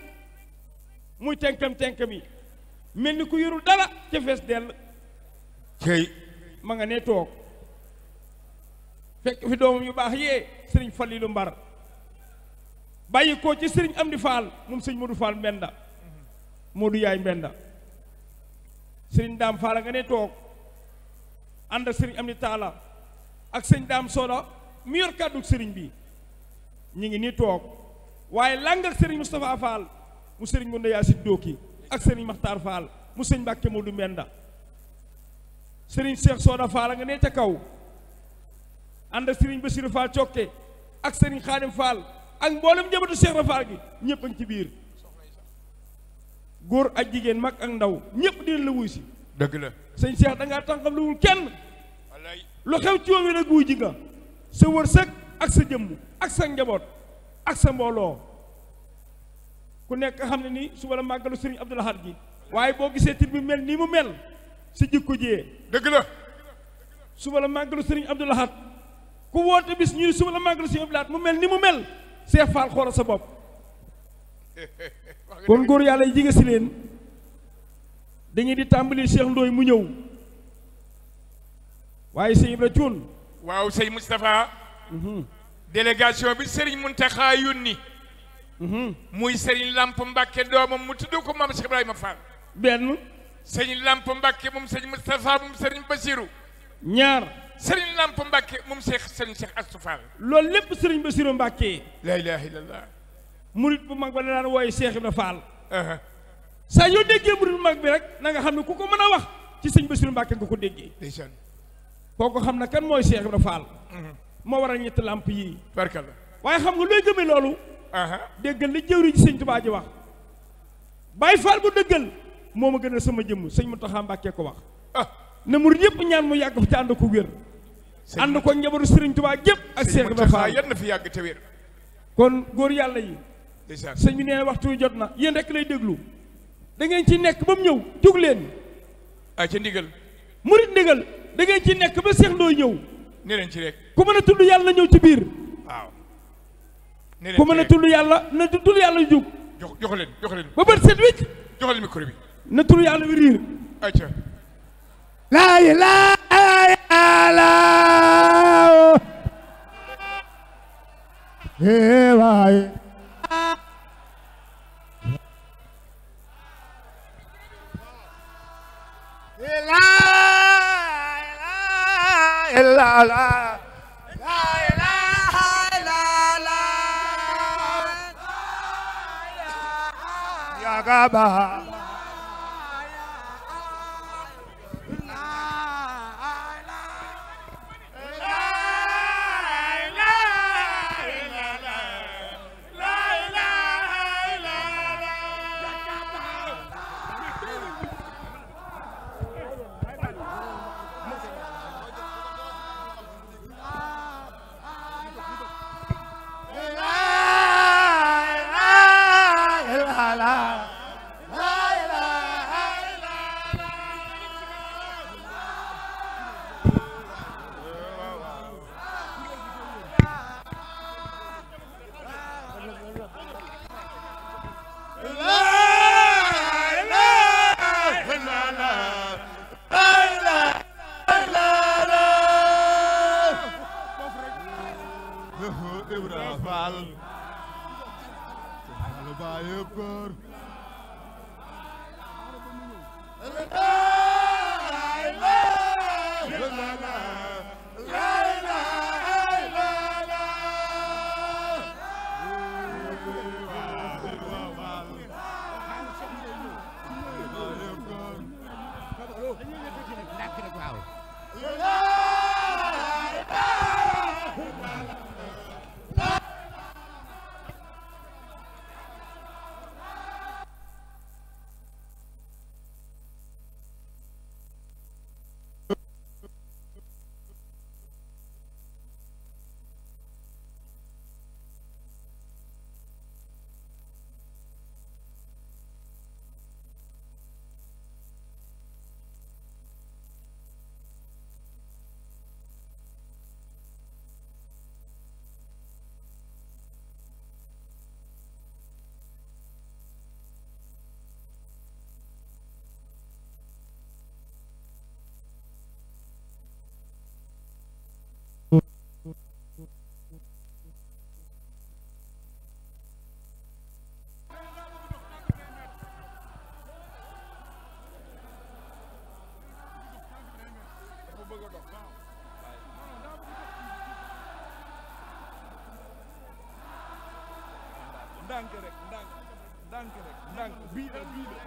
muy tenkam-tenkam yi mel ni ko yorul dara ca fees dell cey ma nga ne toog fekk fi doomam yu baax yee sëriñ Falilu Mbar bàyyi ko ci sëriñ Amdi Fall moom sëriñ Modou Fall Mbenda Modou Yaay Mbenda sëriñ Daam Fall nga ne toog ànd ak sëriñ Amdi Taala ak sëñ Daam Soda mu yor kàddu sëriñ bi ñu ngi nii toog waaye làng ak sëriñ Moustapha Fall mu sëriñ Mounda Yaasin Dooki ak sëriñ Makhtar Fall mu sëñ Mbàkke Modou Mbenda sëriñ Cheikh Soda Fall nga ne ca kaw ànd ak sëriñ Bassirou Fall Cokke ak sëriñ Xaadim Fall ak mboolem njabootu Cheikh Rafaal gi ñëpp a ci biir góor ak jigéen mag ak ndaw ñépp dinañ la wuy si. dëgg la sëñ Cheikh da ngaa tànqam luwul kenn. lu xew ci woon wi nag wuy ji nga sa wërsëg ak sa jëmm ak sa njaboot ak sa mbooloo ku nekk xam ne ni suba la màggalu sëriñ Abdou Lahad gi waaye boo gisee tir bi mel nii mu mel si jikko jiyee. dëgg la. suba la màggalu sëriñ Abdou Lahad ku woote bis ñu ne suba la màggalu sëriñ Abdou Lahad mu mel ni mu mel. Cheikh Fall xoolal sa bopp kon góor yàlla yi jege si leen dañuy di tàmbali Cheikh Ndoye mu ñëw waaye sëñ Ibra Cuun waaw sëñ Moustapha mhm. délégation bi Serigne Mountakha yónni mhm. muy Serigne Lamp Mbacke doomam mu tudd ko maam Cheikh ma Fall benn Serigne Lamp Mbacke moom sëñ Moustapha moom Serigne Bassirou ñaar sëriñ Lamp Mbàkke moom Cheikh sëriñ Cheikh Astou Fall loolu lépp sëriñ ba Bassirou Mbàkke la ilaha illallah murit bu mag ba la daan wooye Cheikh na Fall uh-huh. saa yoo déggee murit bu mag bi rek na nga xam ne ku ko mën a wax ci sëriñ Bassirou mbàkkee nga ko déggee kooku xam ne kenn mooy Cheikh Ibra Fall uh-huh. moo waral ñetti làmp yii barkalla waaye xam nga looy gëmee loolu uh-huh. déggal li jëwriñ sëñ Tuubaa ji wax Baay Faal bu dëggal moo ma gënal sama jëmm sëñ mu Muntaxa mbàkkee ko wax ah. na murit yëpp ñaan mu yàgg fi te ànd ànd ko njabootu Serigne Touba gépp ak Cheikh Ibrahima Fall yal na fi yàgg te wér kon góor yàlla yi sëñ bi nee waxtu jot na yéen rek lay déglu da ngeen ci nekk ba mu ñëw jóg leen ay ca ndigal murit ndigal da ngeen ci nekk ba Cheikh Ndoye ñëw ne ci rek ku mën a tudd yàlla ñëw ci biir waaw ku mën a tudd yàlla na tudd yàlla jóg jox jox leen jox leen ba bët set wecc jox leen micro bi na tudd yàlla riir ay laa ilaaha illallaah ee waay la ilaha illallah ya gaba ndànk rek ndànk ndànk rek ndànk bii la bii la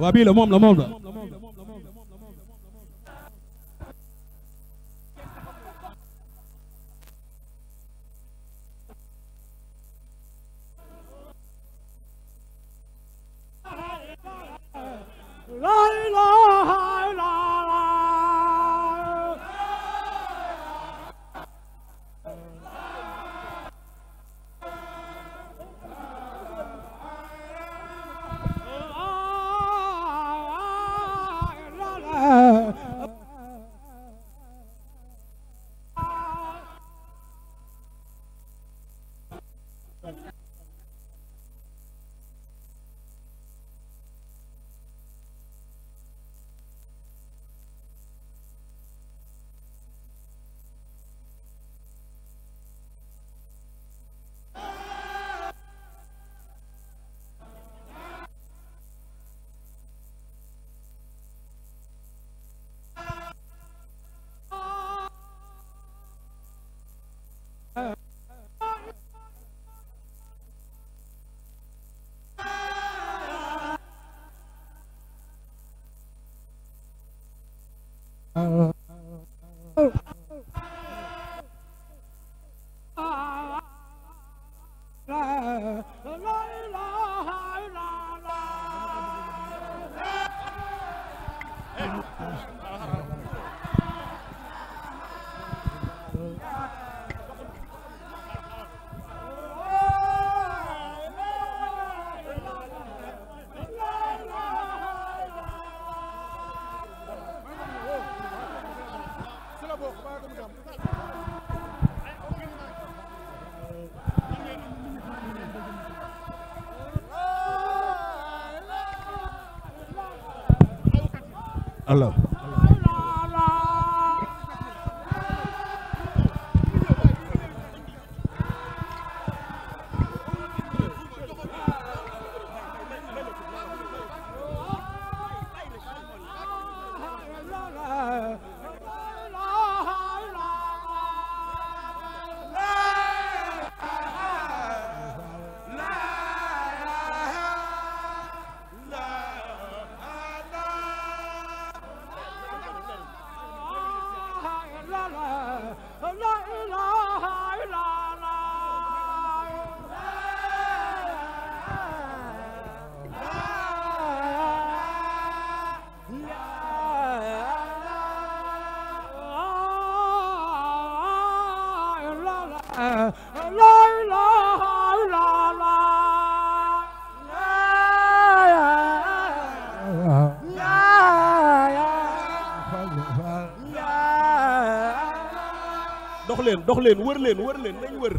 waa bii la moom la moom la dox leen dox leen wër leen wër leen nañ wër.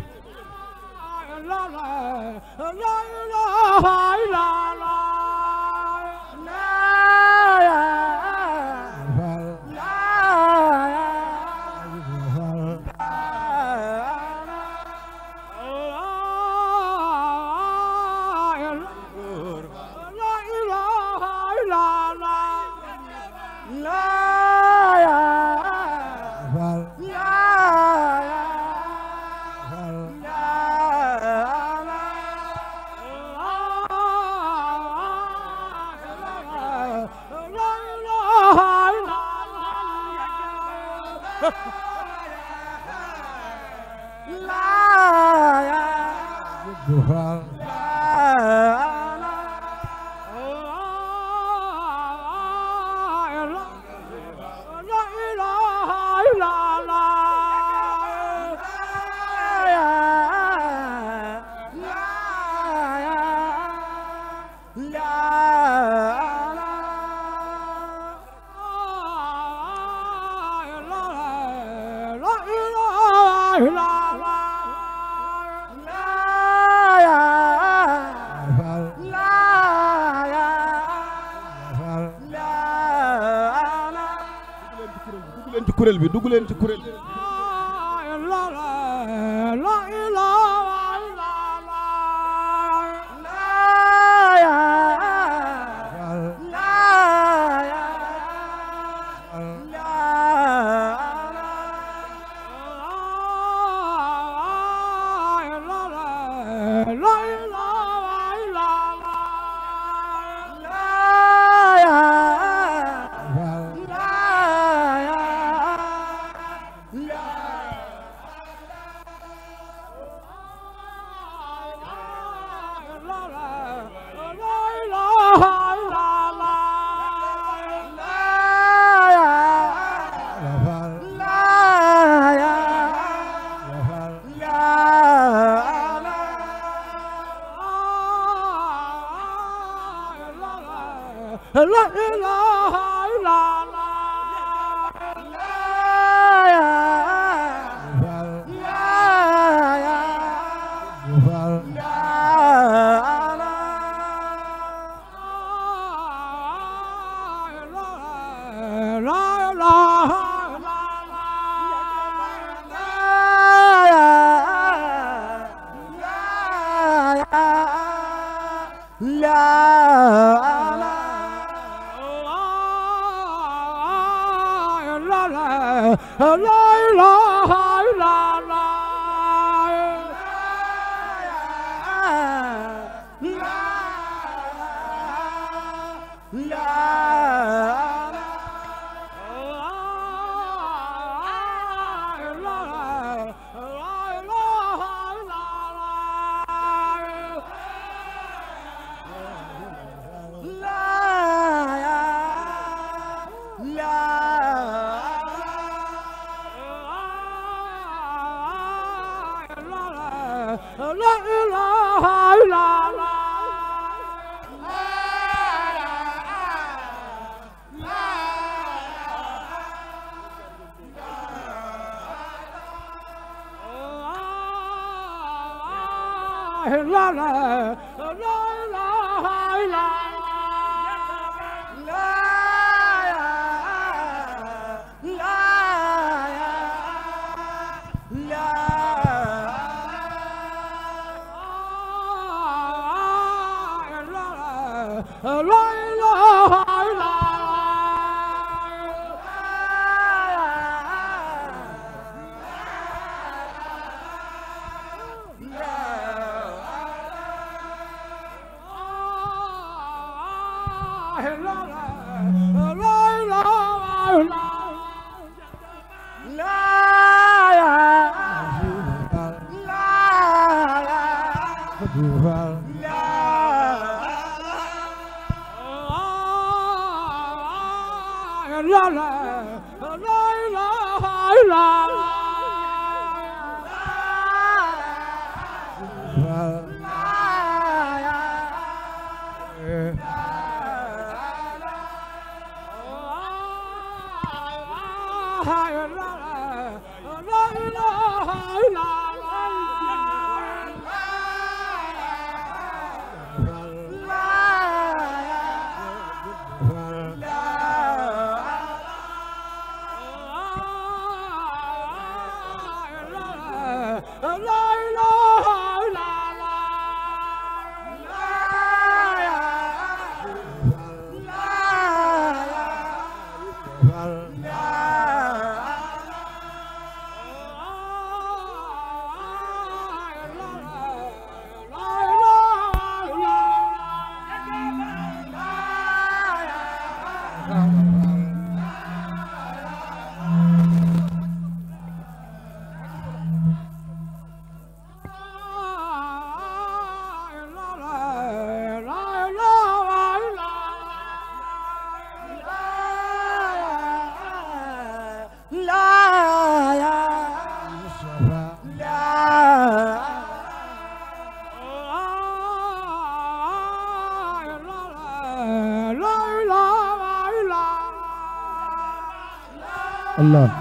kuréel bi dugg leen ci الله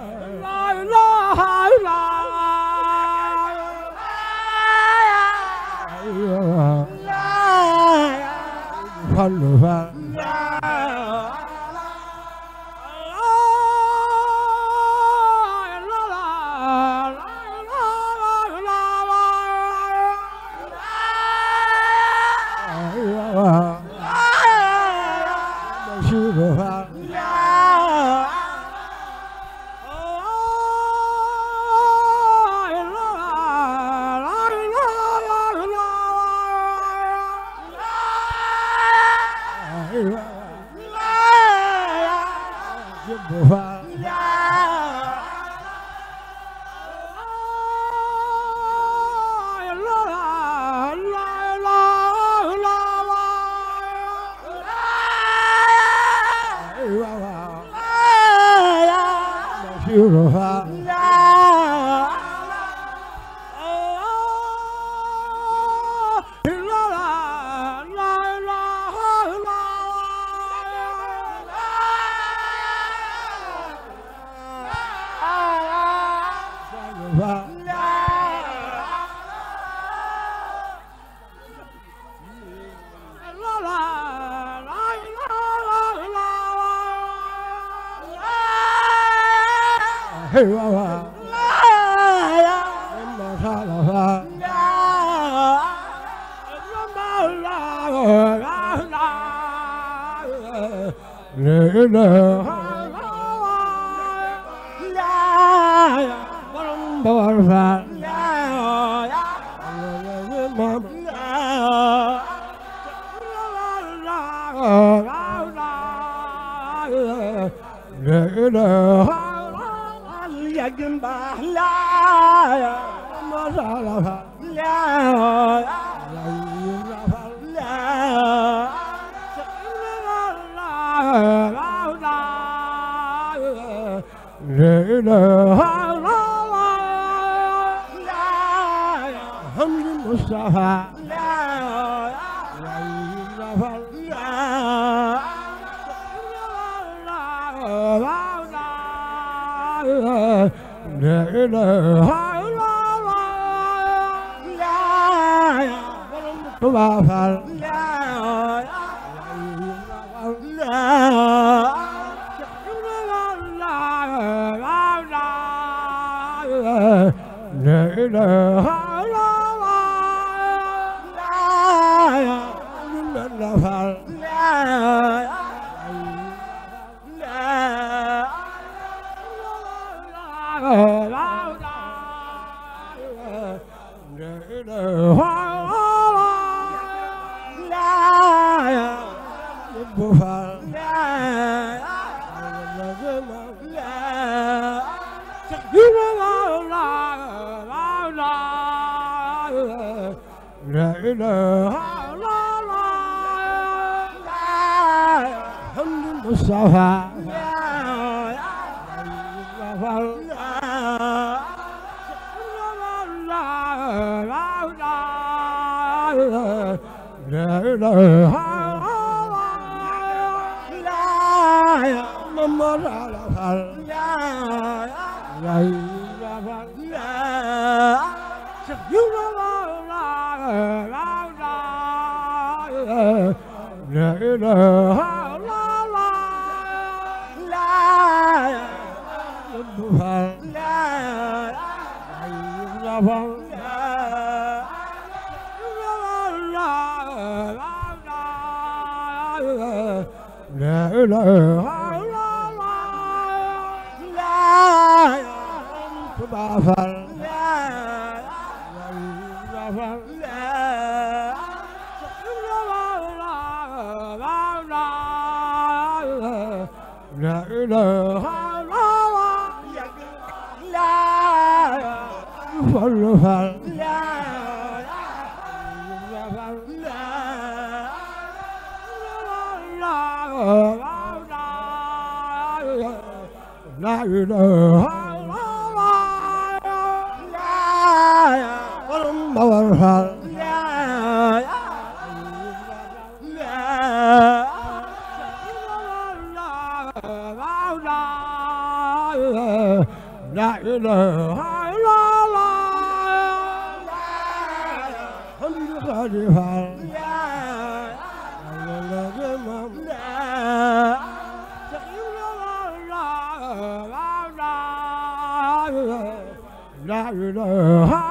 la bafal la ilaha illallah la ilaha awarfal la ilaha la ilaha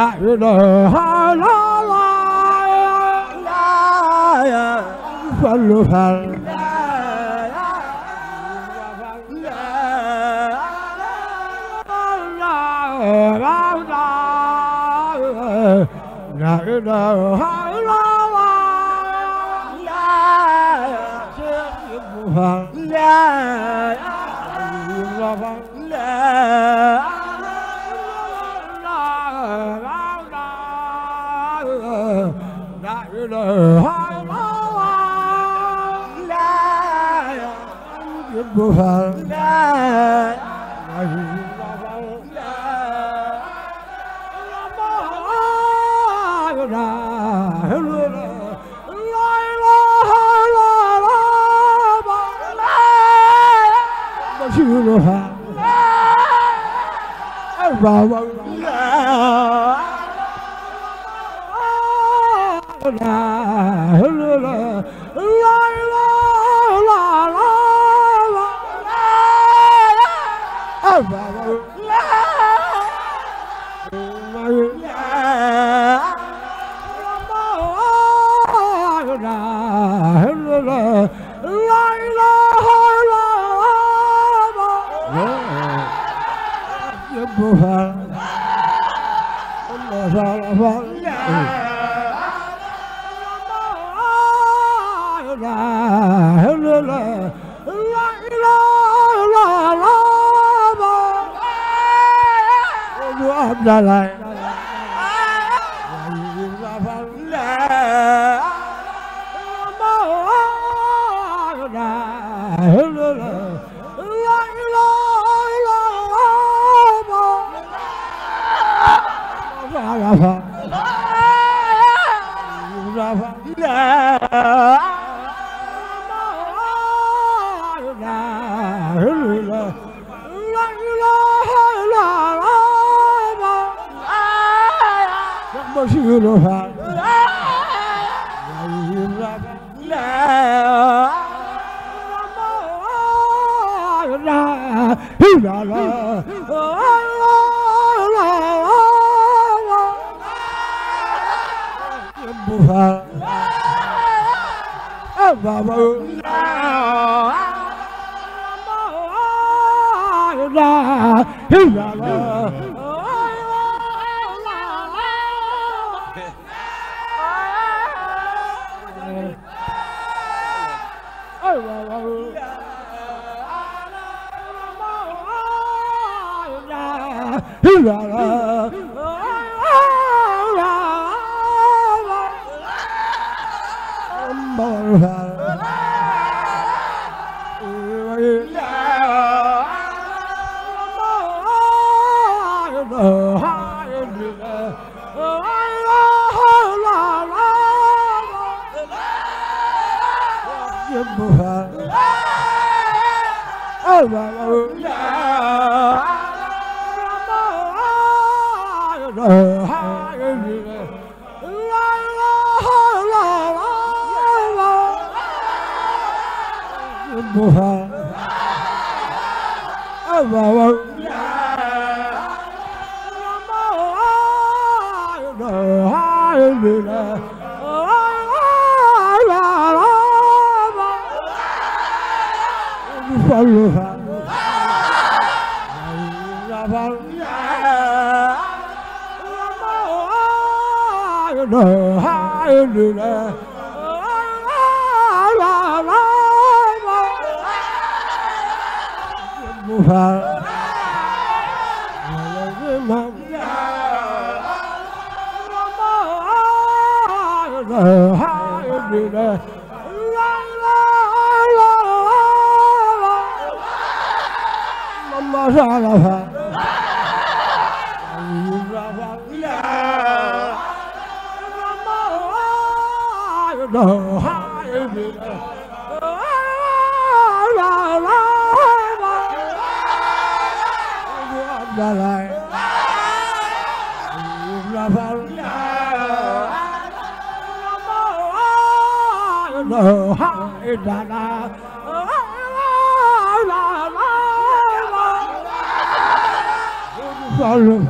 la ilaha la la ya fallu fal la ilaha la la waaw waaw la la la, ooh la la, oh la la, ooh la la. Baba, la la la la. Hurrah! la رافع No, I don't parle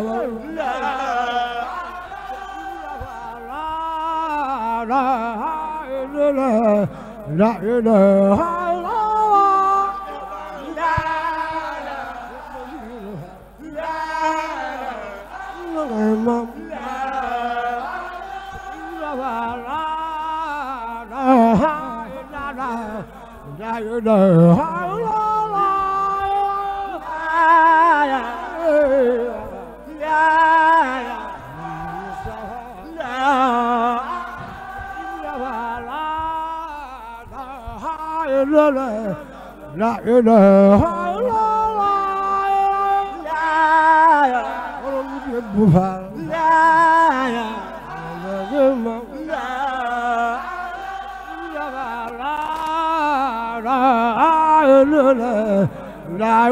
لا إله إلا الله لا لا لا لا لا لا لا لا لا لا إله إلا الله لا لا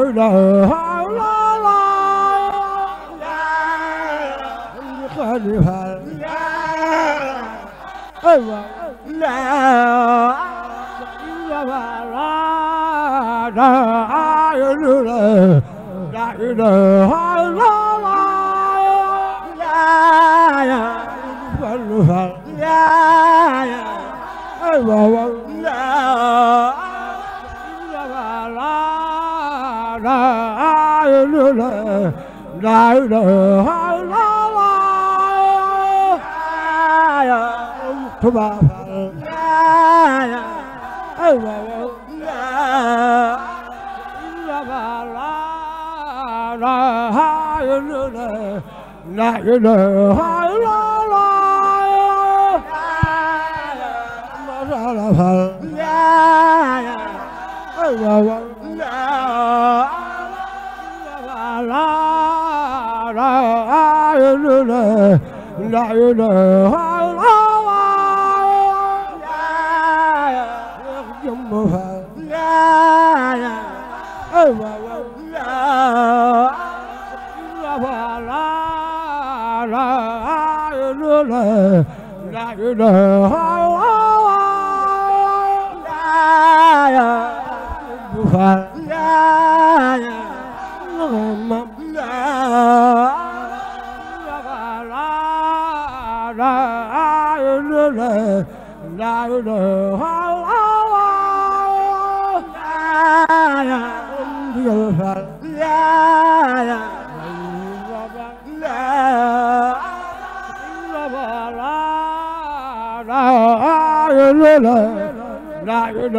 إله إلا الله لا خليفة لا لا Tuba. لا إله إلا الله لا لا لا لا لا la la لا لا إله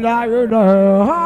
لا لا لا لا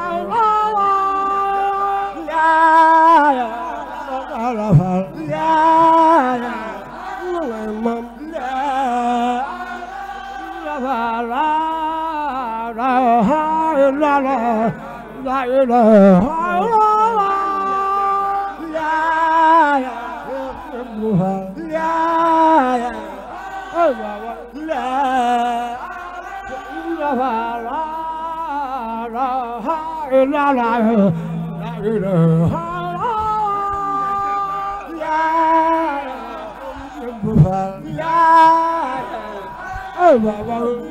Oh, my God.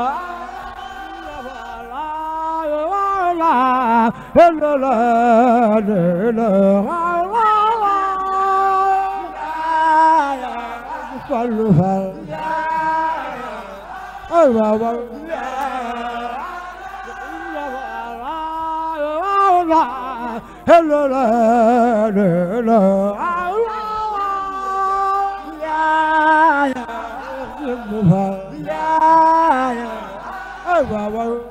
la la la la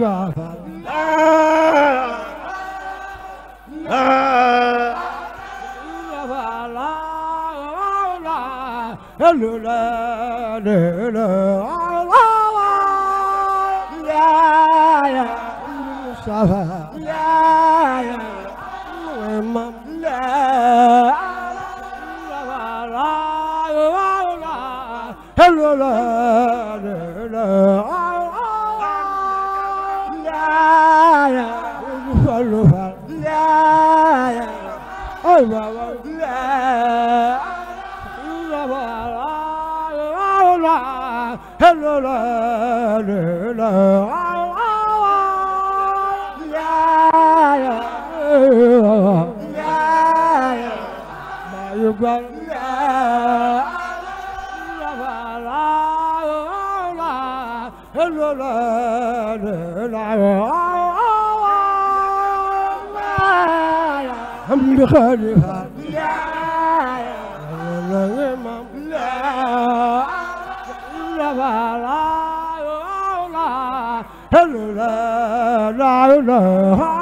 Mustafa la la la la bi la la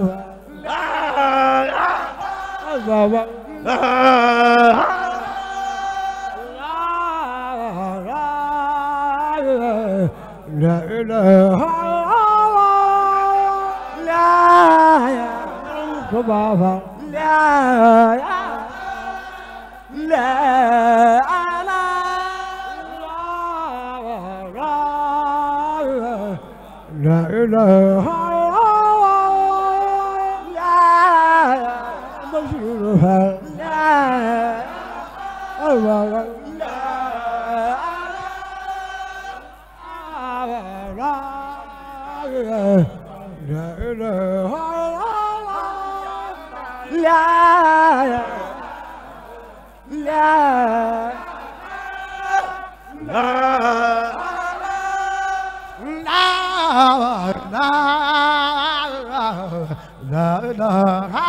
la la Fall Allah la la la la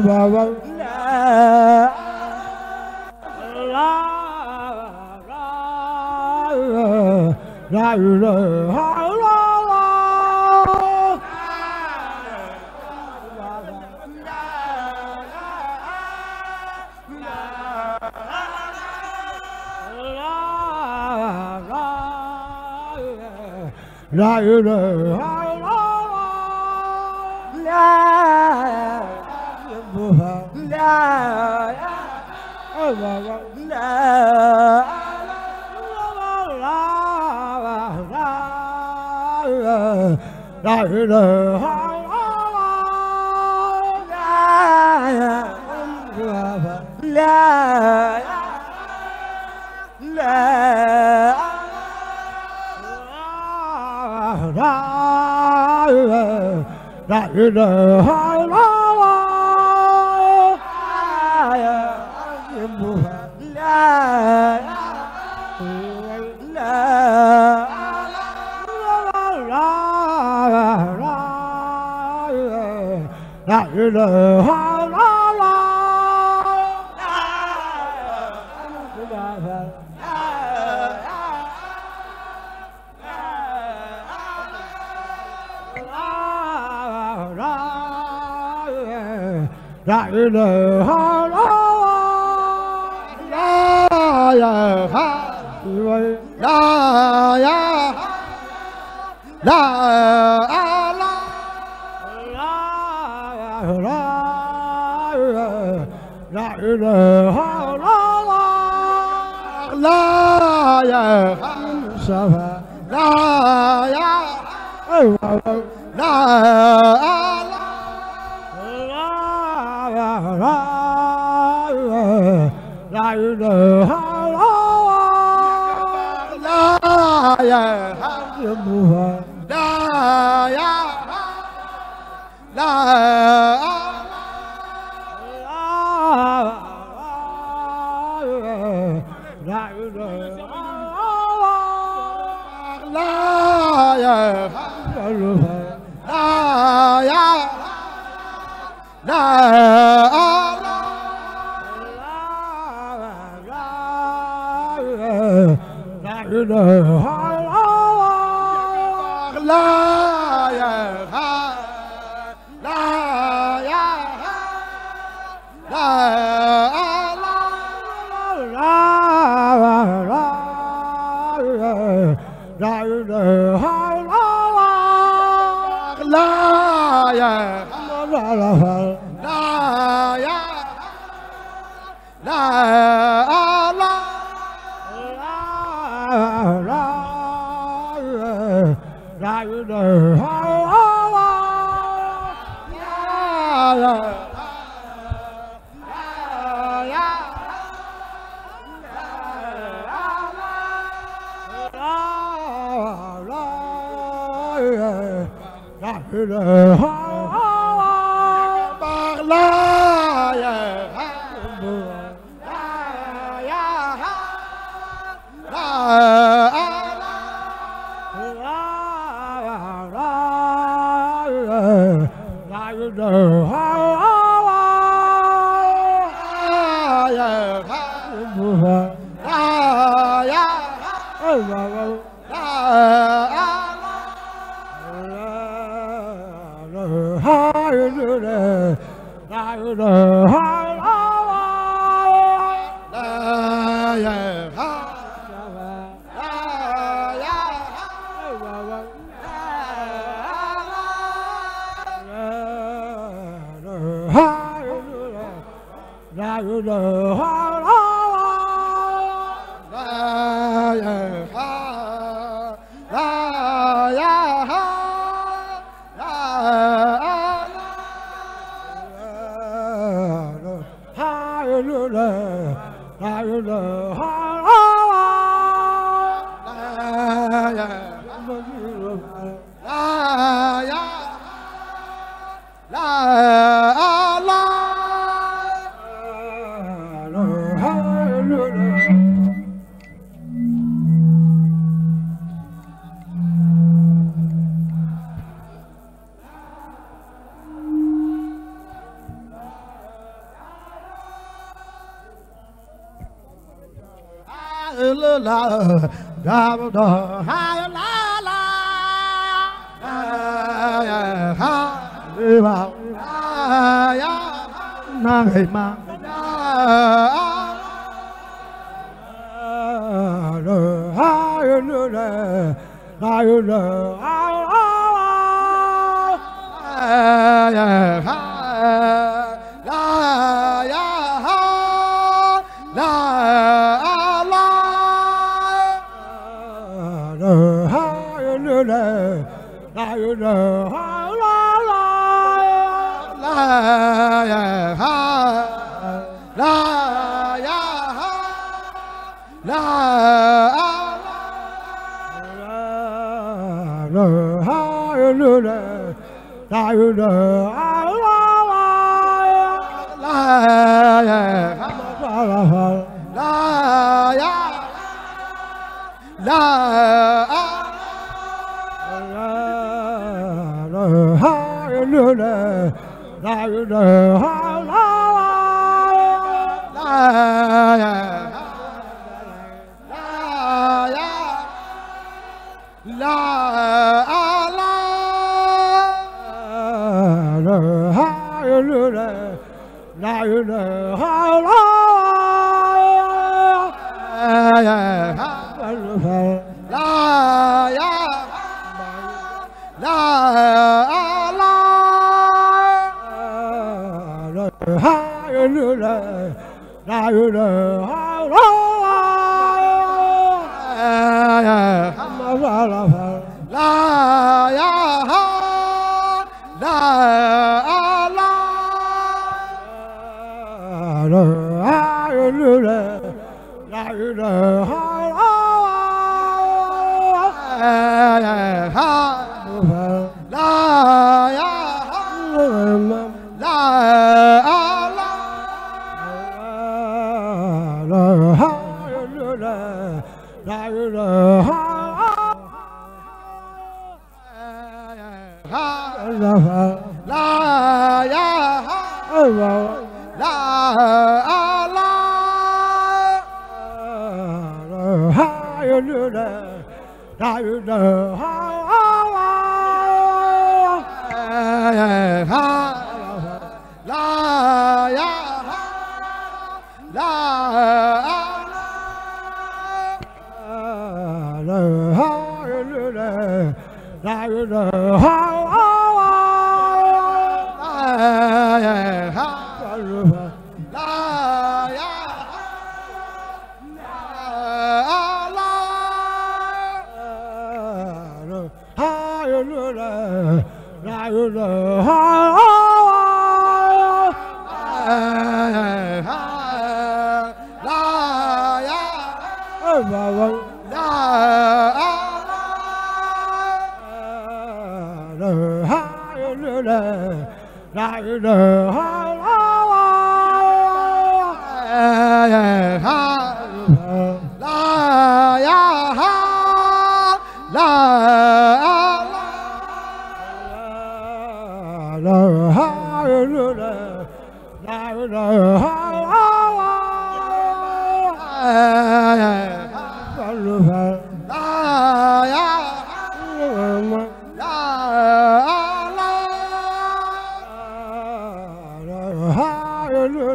la la la ilaha la la la la la la ilaha la ilaha la ilaha la la la Ja, hula, ha.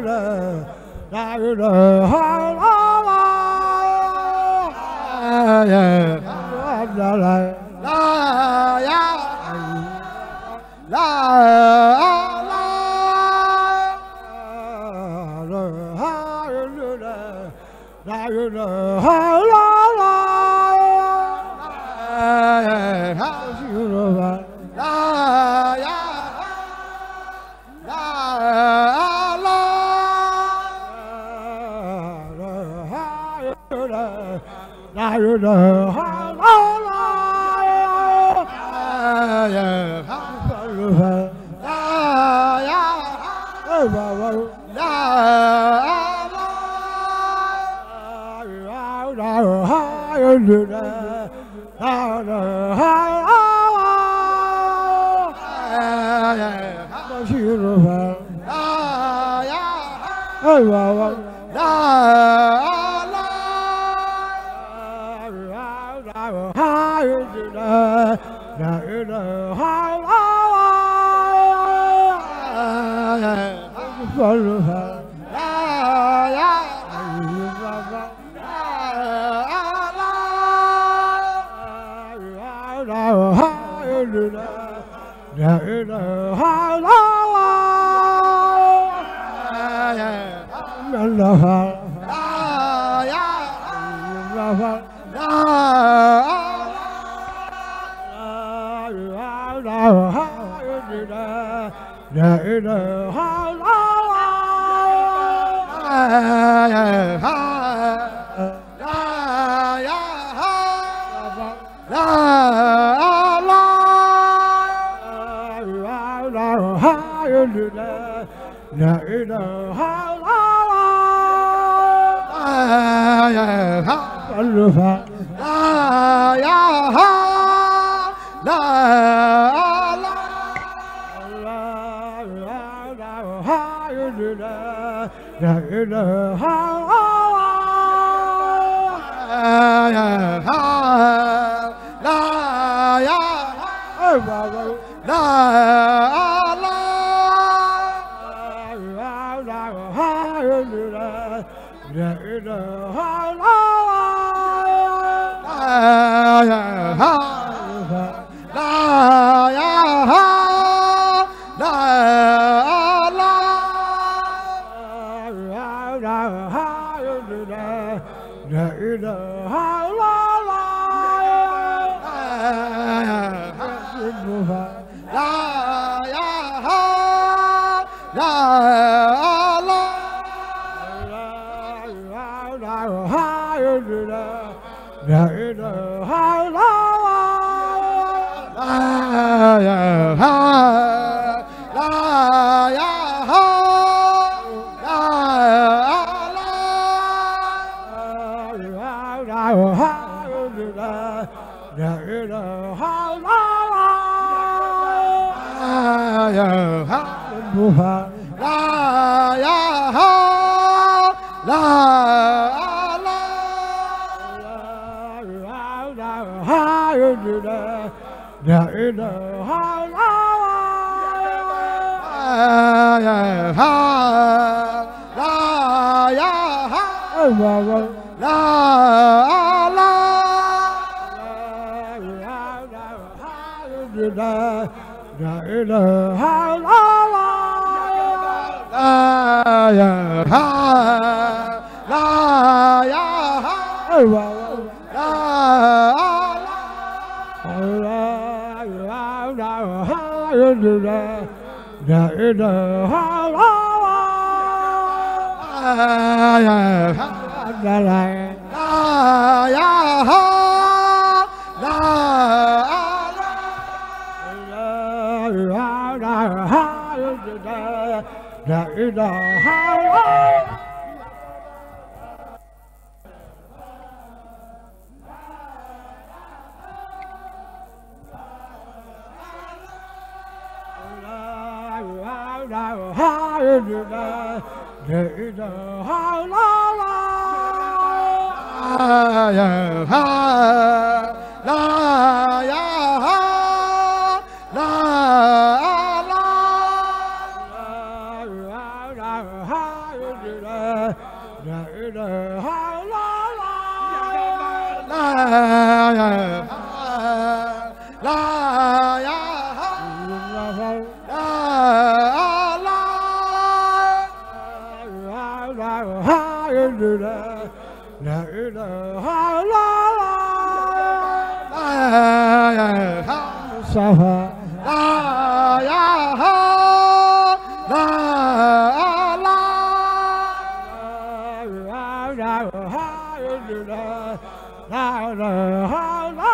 إله لا إله إلا الله la la la la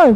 ơi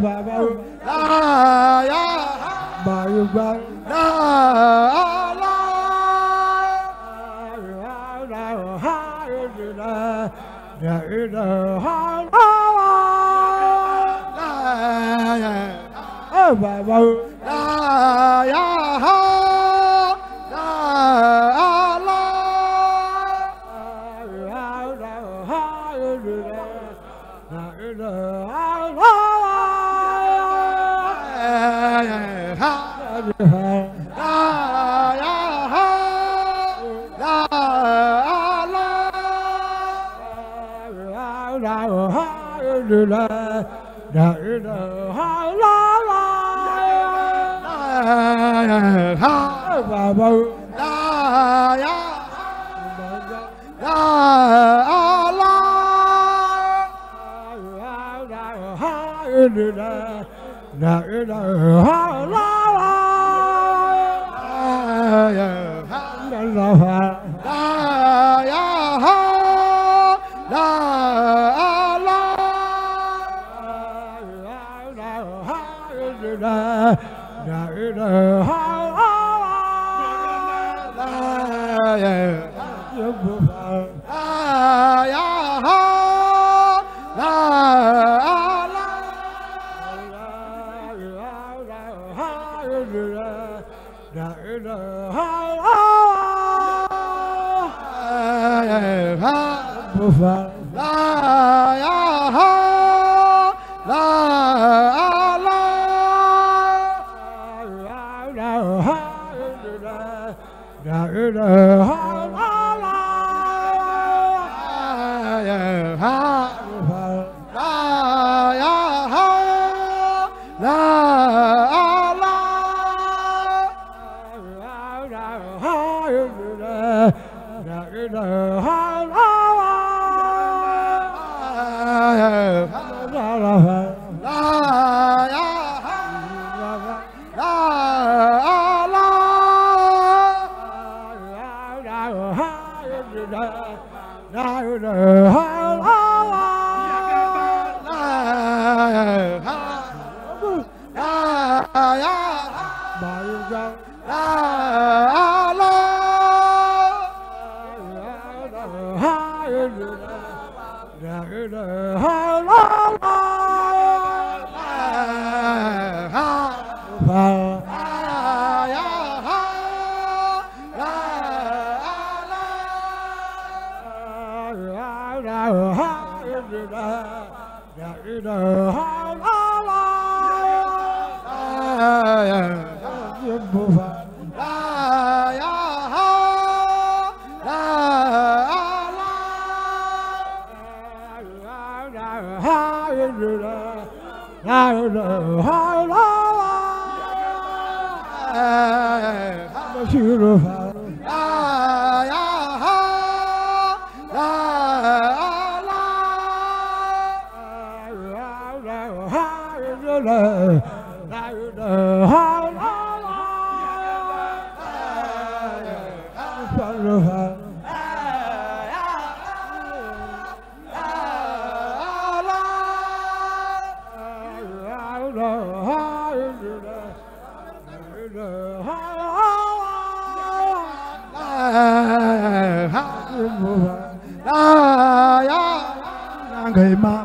người mà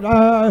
لا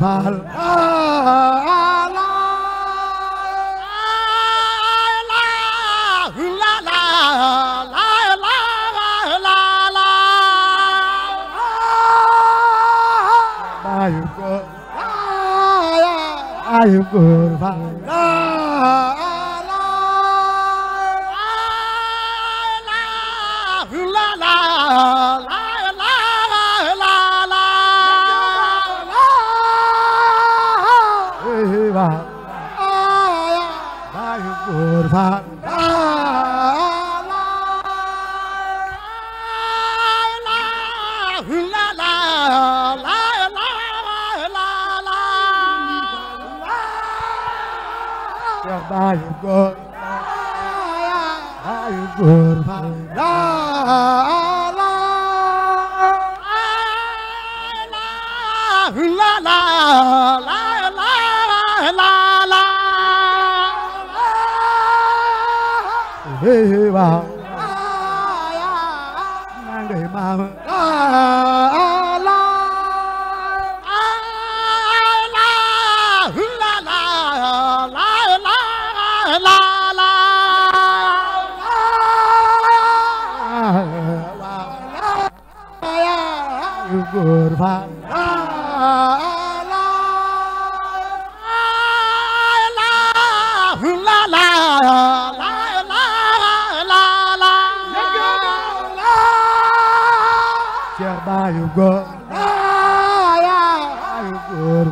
faal ayu góor faal faal bayu góor bayu góor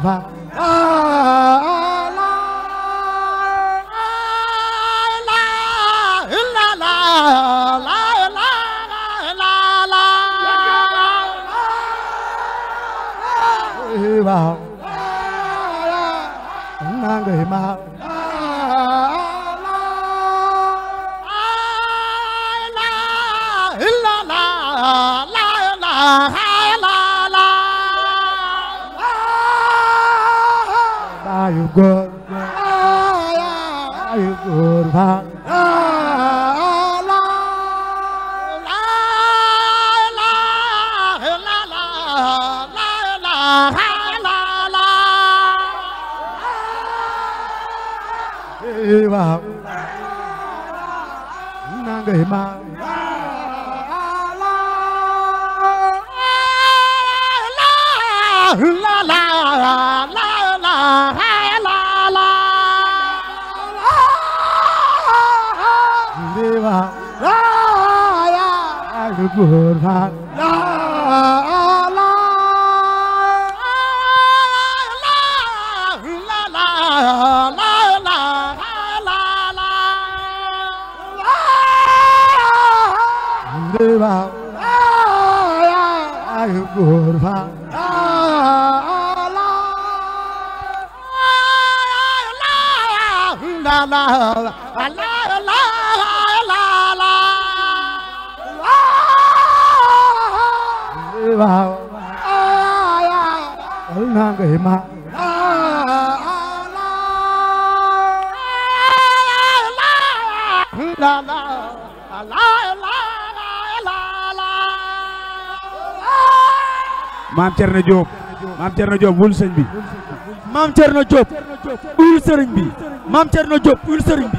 ภาพ怕 Purva na người mà la maam Thierno Diop maam wul sëñ bi maam Thierno Diop wul sëriñ bi maam Thierno Diop wul sëriñ bi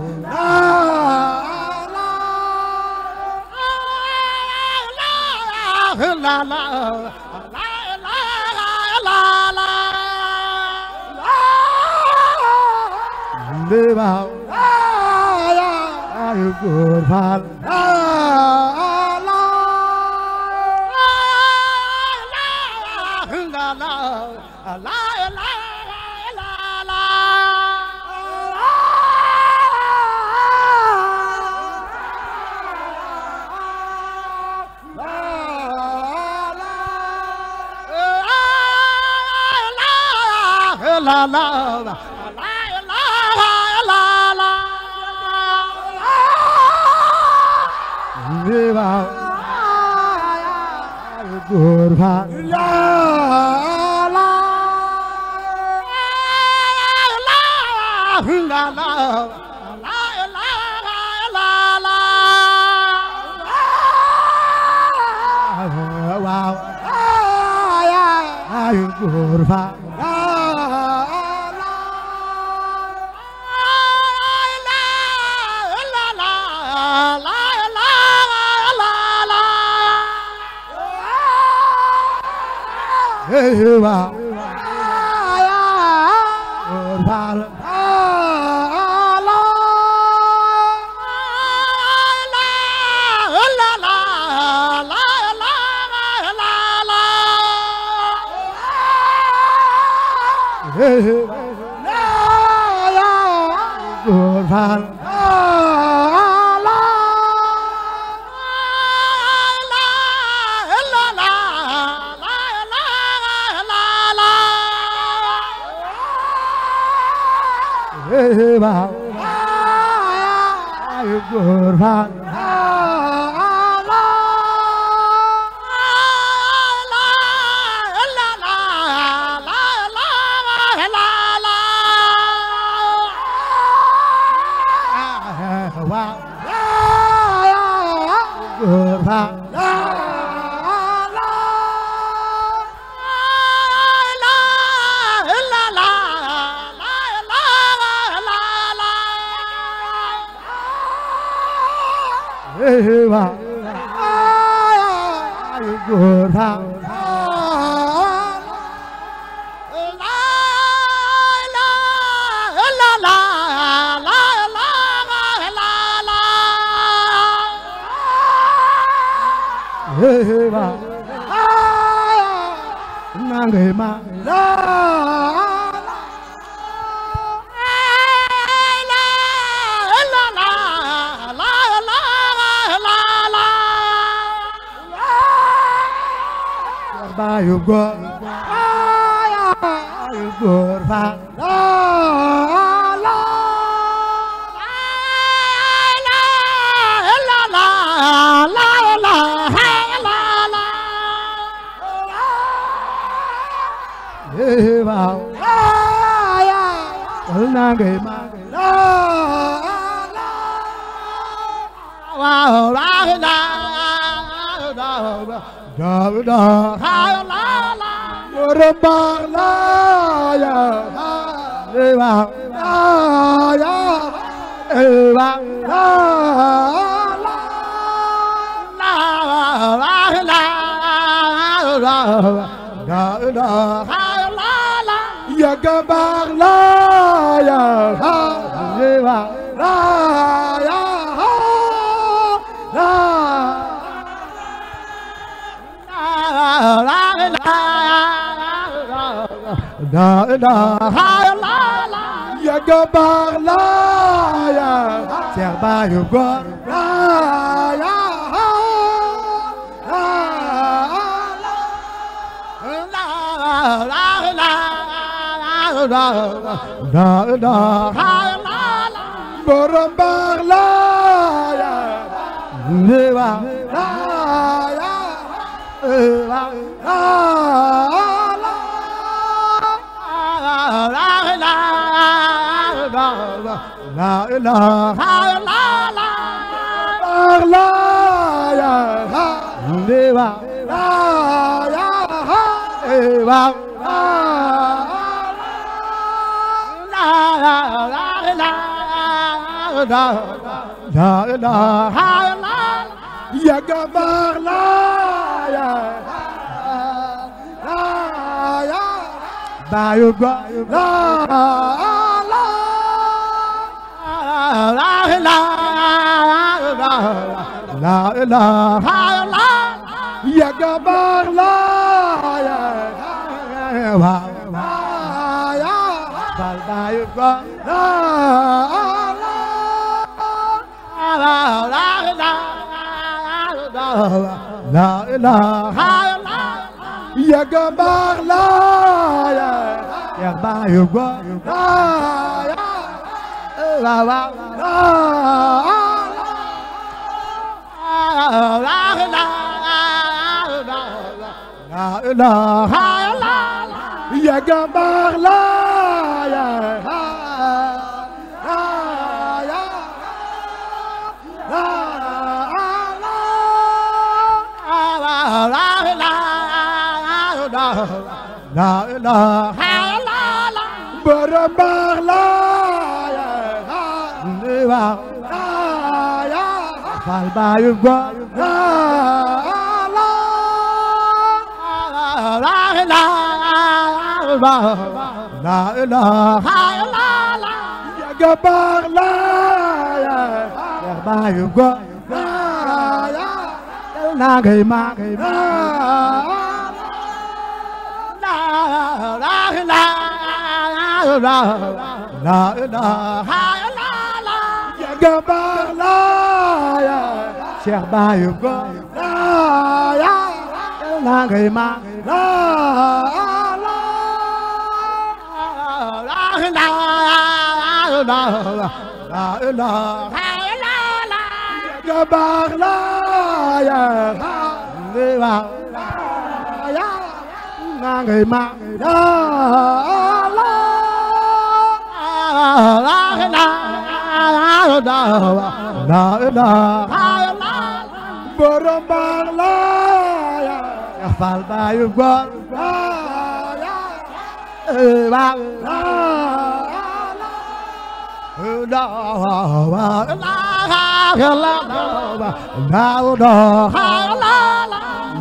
bima القرآن la la la يرفع لا لا لا لا لا Wow. Ah, yeah. Ah, you're hey, hey, wow. Gurvan ngay ma la ba yu góor ba yu góor fa na ngay màggal la la la la akbar la ilaha illallah لا إله إلا الله يا جبار لا يا سير بايو لا da da borom baax la ya newa la ya la la la la la ya newa la ya لا إله إلا يا جبار لا يا لا يا بايو بايو لا لا لا لا لا إله إلا يا جبار لا يا لا يا بايو بايو لا la ilaha la la ilaha la la borom baax la ya ya fal bayu go la la la la la ilaha la la ya ga baax la ya bayu go la ya na gay ma gay la la la la jagaba la ya Cheikh Bayo go la ya la ngay e, ma la la la la la la jagaba la ya ngay ma la ya ngay e, ma la la borom baax la ya fal bayu gor baax la da wa la la la da da la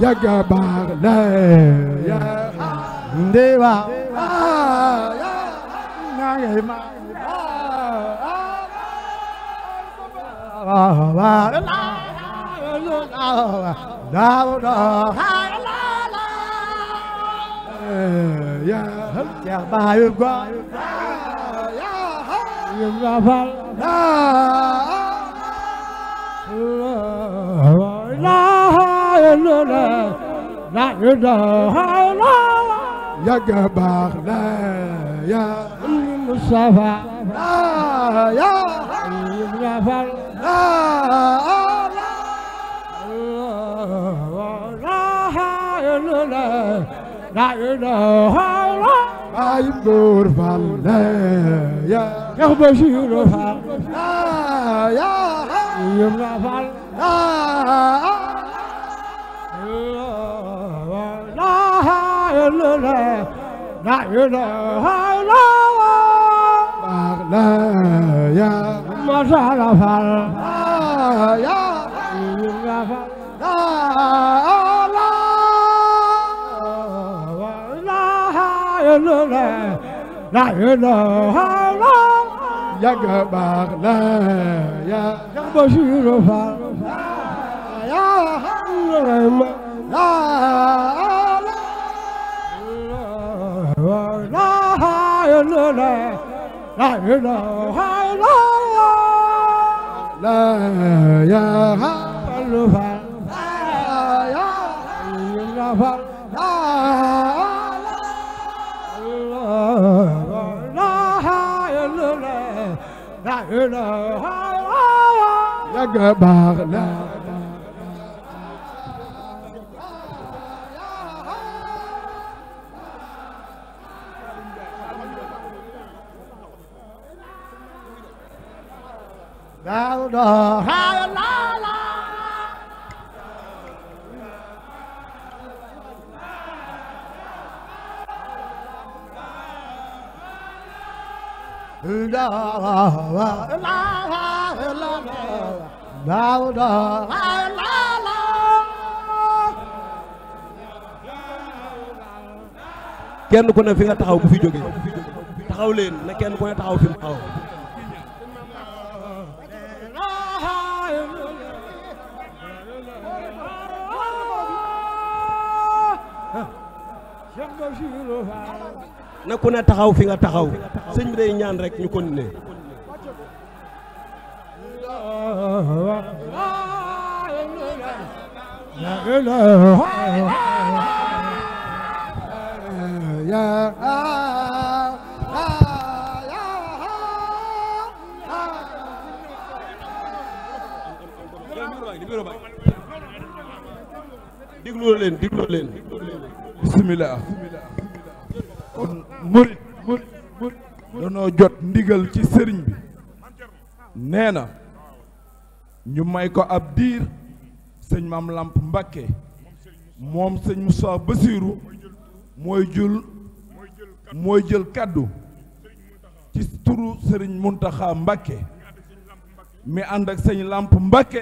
ya ga baax la ya de wa ya na ma la la ilaha illallah ay Ndour Fall ya ya Bachir Fall ya Yumna Fall la ilaha illallah la ilaha illallah ya masara fal ya inga fal la la wa la ya la la ya la la ya gabar la ya ya bashir fal ya haram la la wa la ya la لا إله إلا الله لا إله إلا الله لا إله إلا الله لا إله إلا الله يا جبار لا thou the high la la Thou the high la la kenn ku ne fi nga taxaw bu fi jógee taxaw leen na kenn ku ne taxaw fi mu taxaw na ku ne taxaw fi nga taxaw sëñ bi day ñaan rek ñu continuer déglu leen bisimilah kon murit danoo jot ndigal ci sëriñ bi nee na ñu may ko ab diir sëñ maam làmp Mbàkke moom sëñ Moussa Basiiru mooy jul mooy jël kàddu ci turu sëriñ Muntaxa Mbàkke mi ànd ak sëñ làmp Mbàkke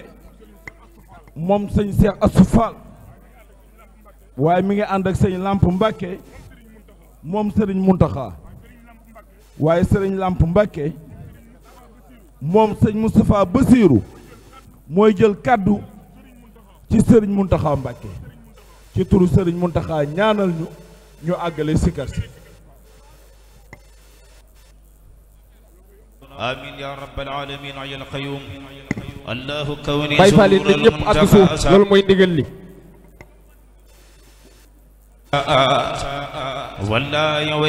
moom sëñ Seex Asu waaye mi ngi ànd ak sëriñ Lamp Mbàkke moom sëriñ Muntaxa waaye sëriñ làmp Mbàkke moom sëñ Moustapha Basiiru mooy jël kàddu ci sëriñ Muntaxa Mbàkke ci turu sëriñ Muntaxa ñaanal ñu ñu àggale sikar si amin ya rabbal alamin ya al qayyum allahu kawni bay faali ñëpp ak suuf loolu mooy ndigal li ولا يوجد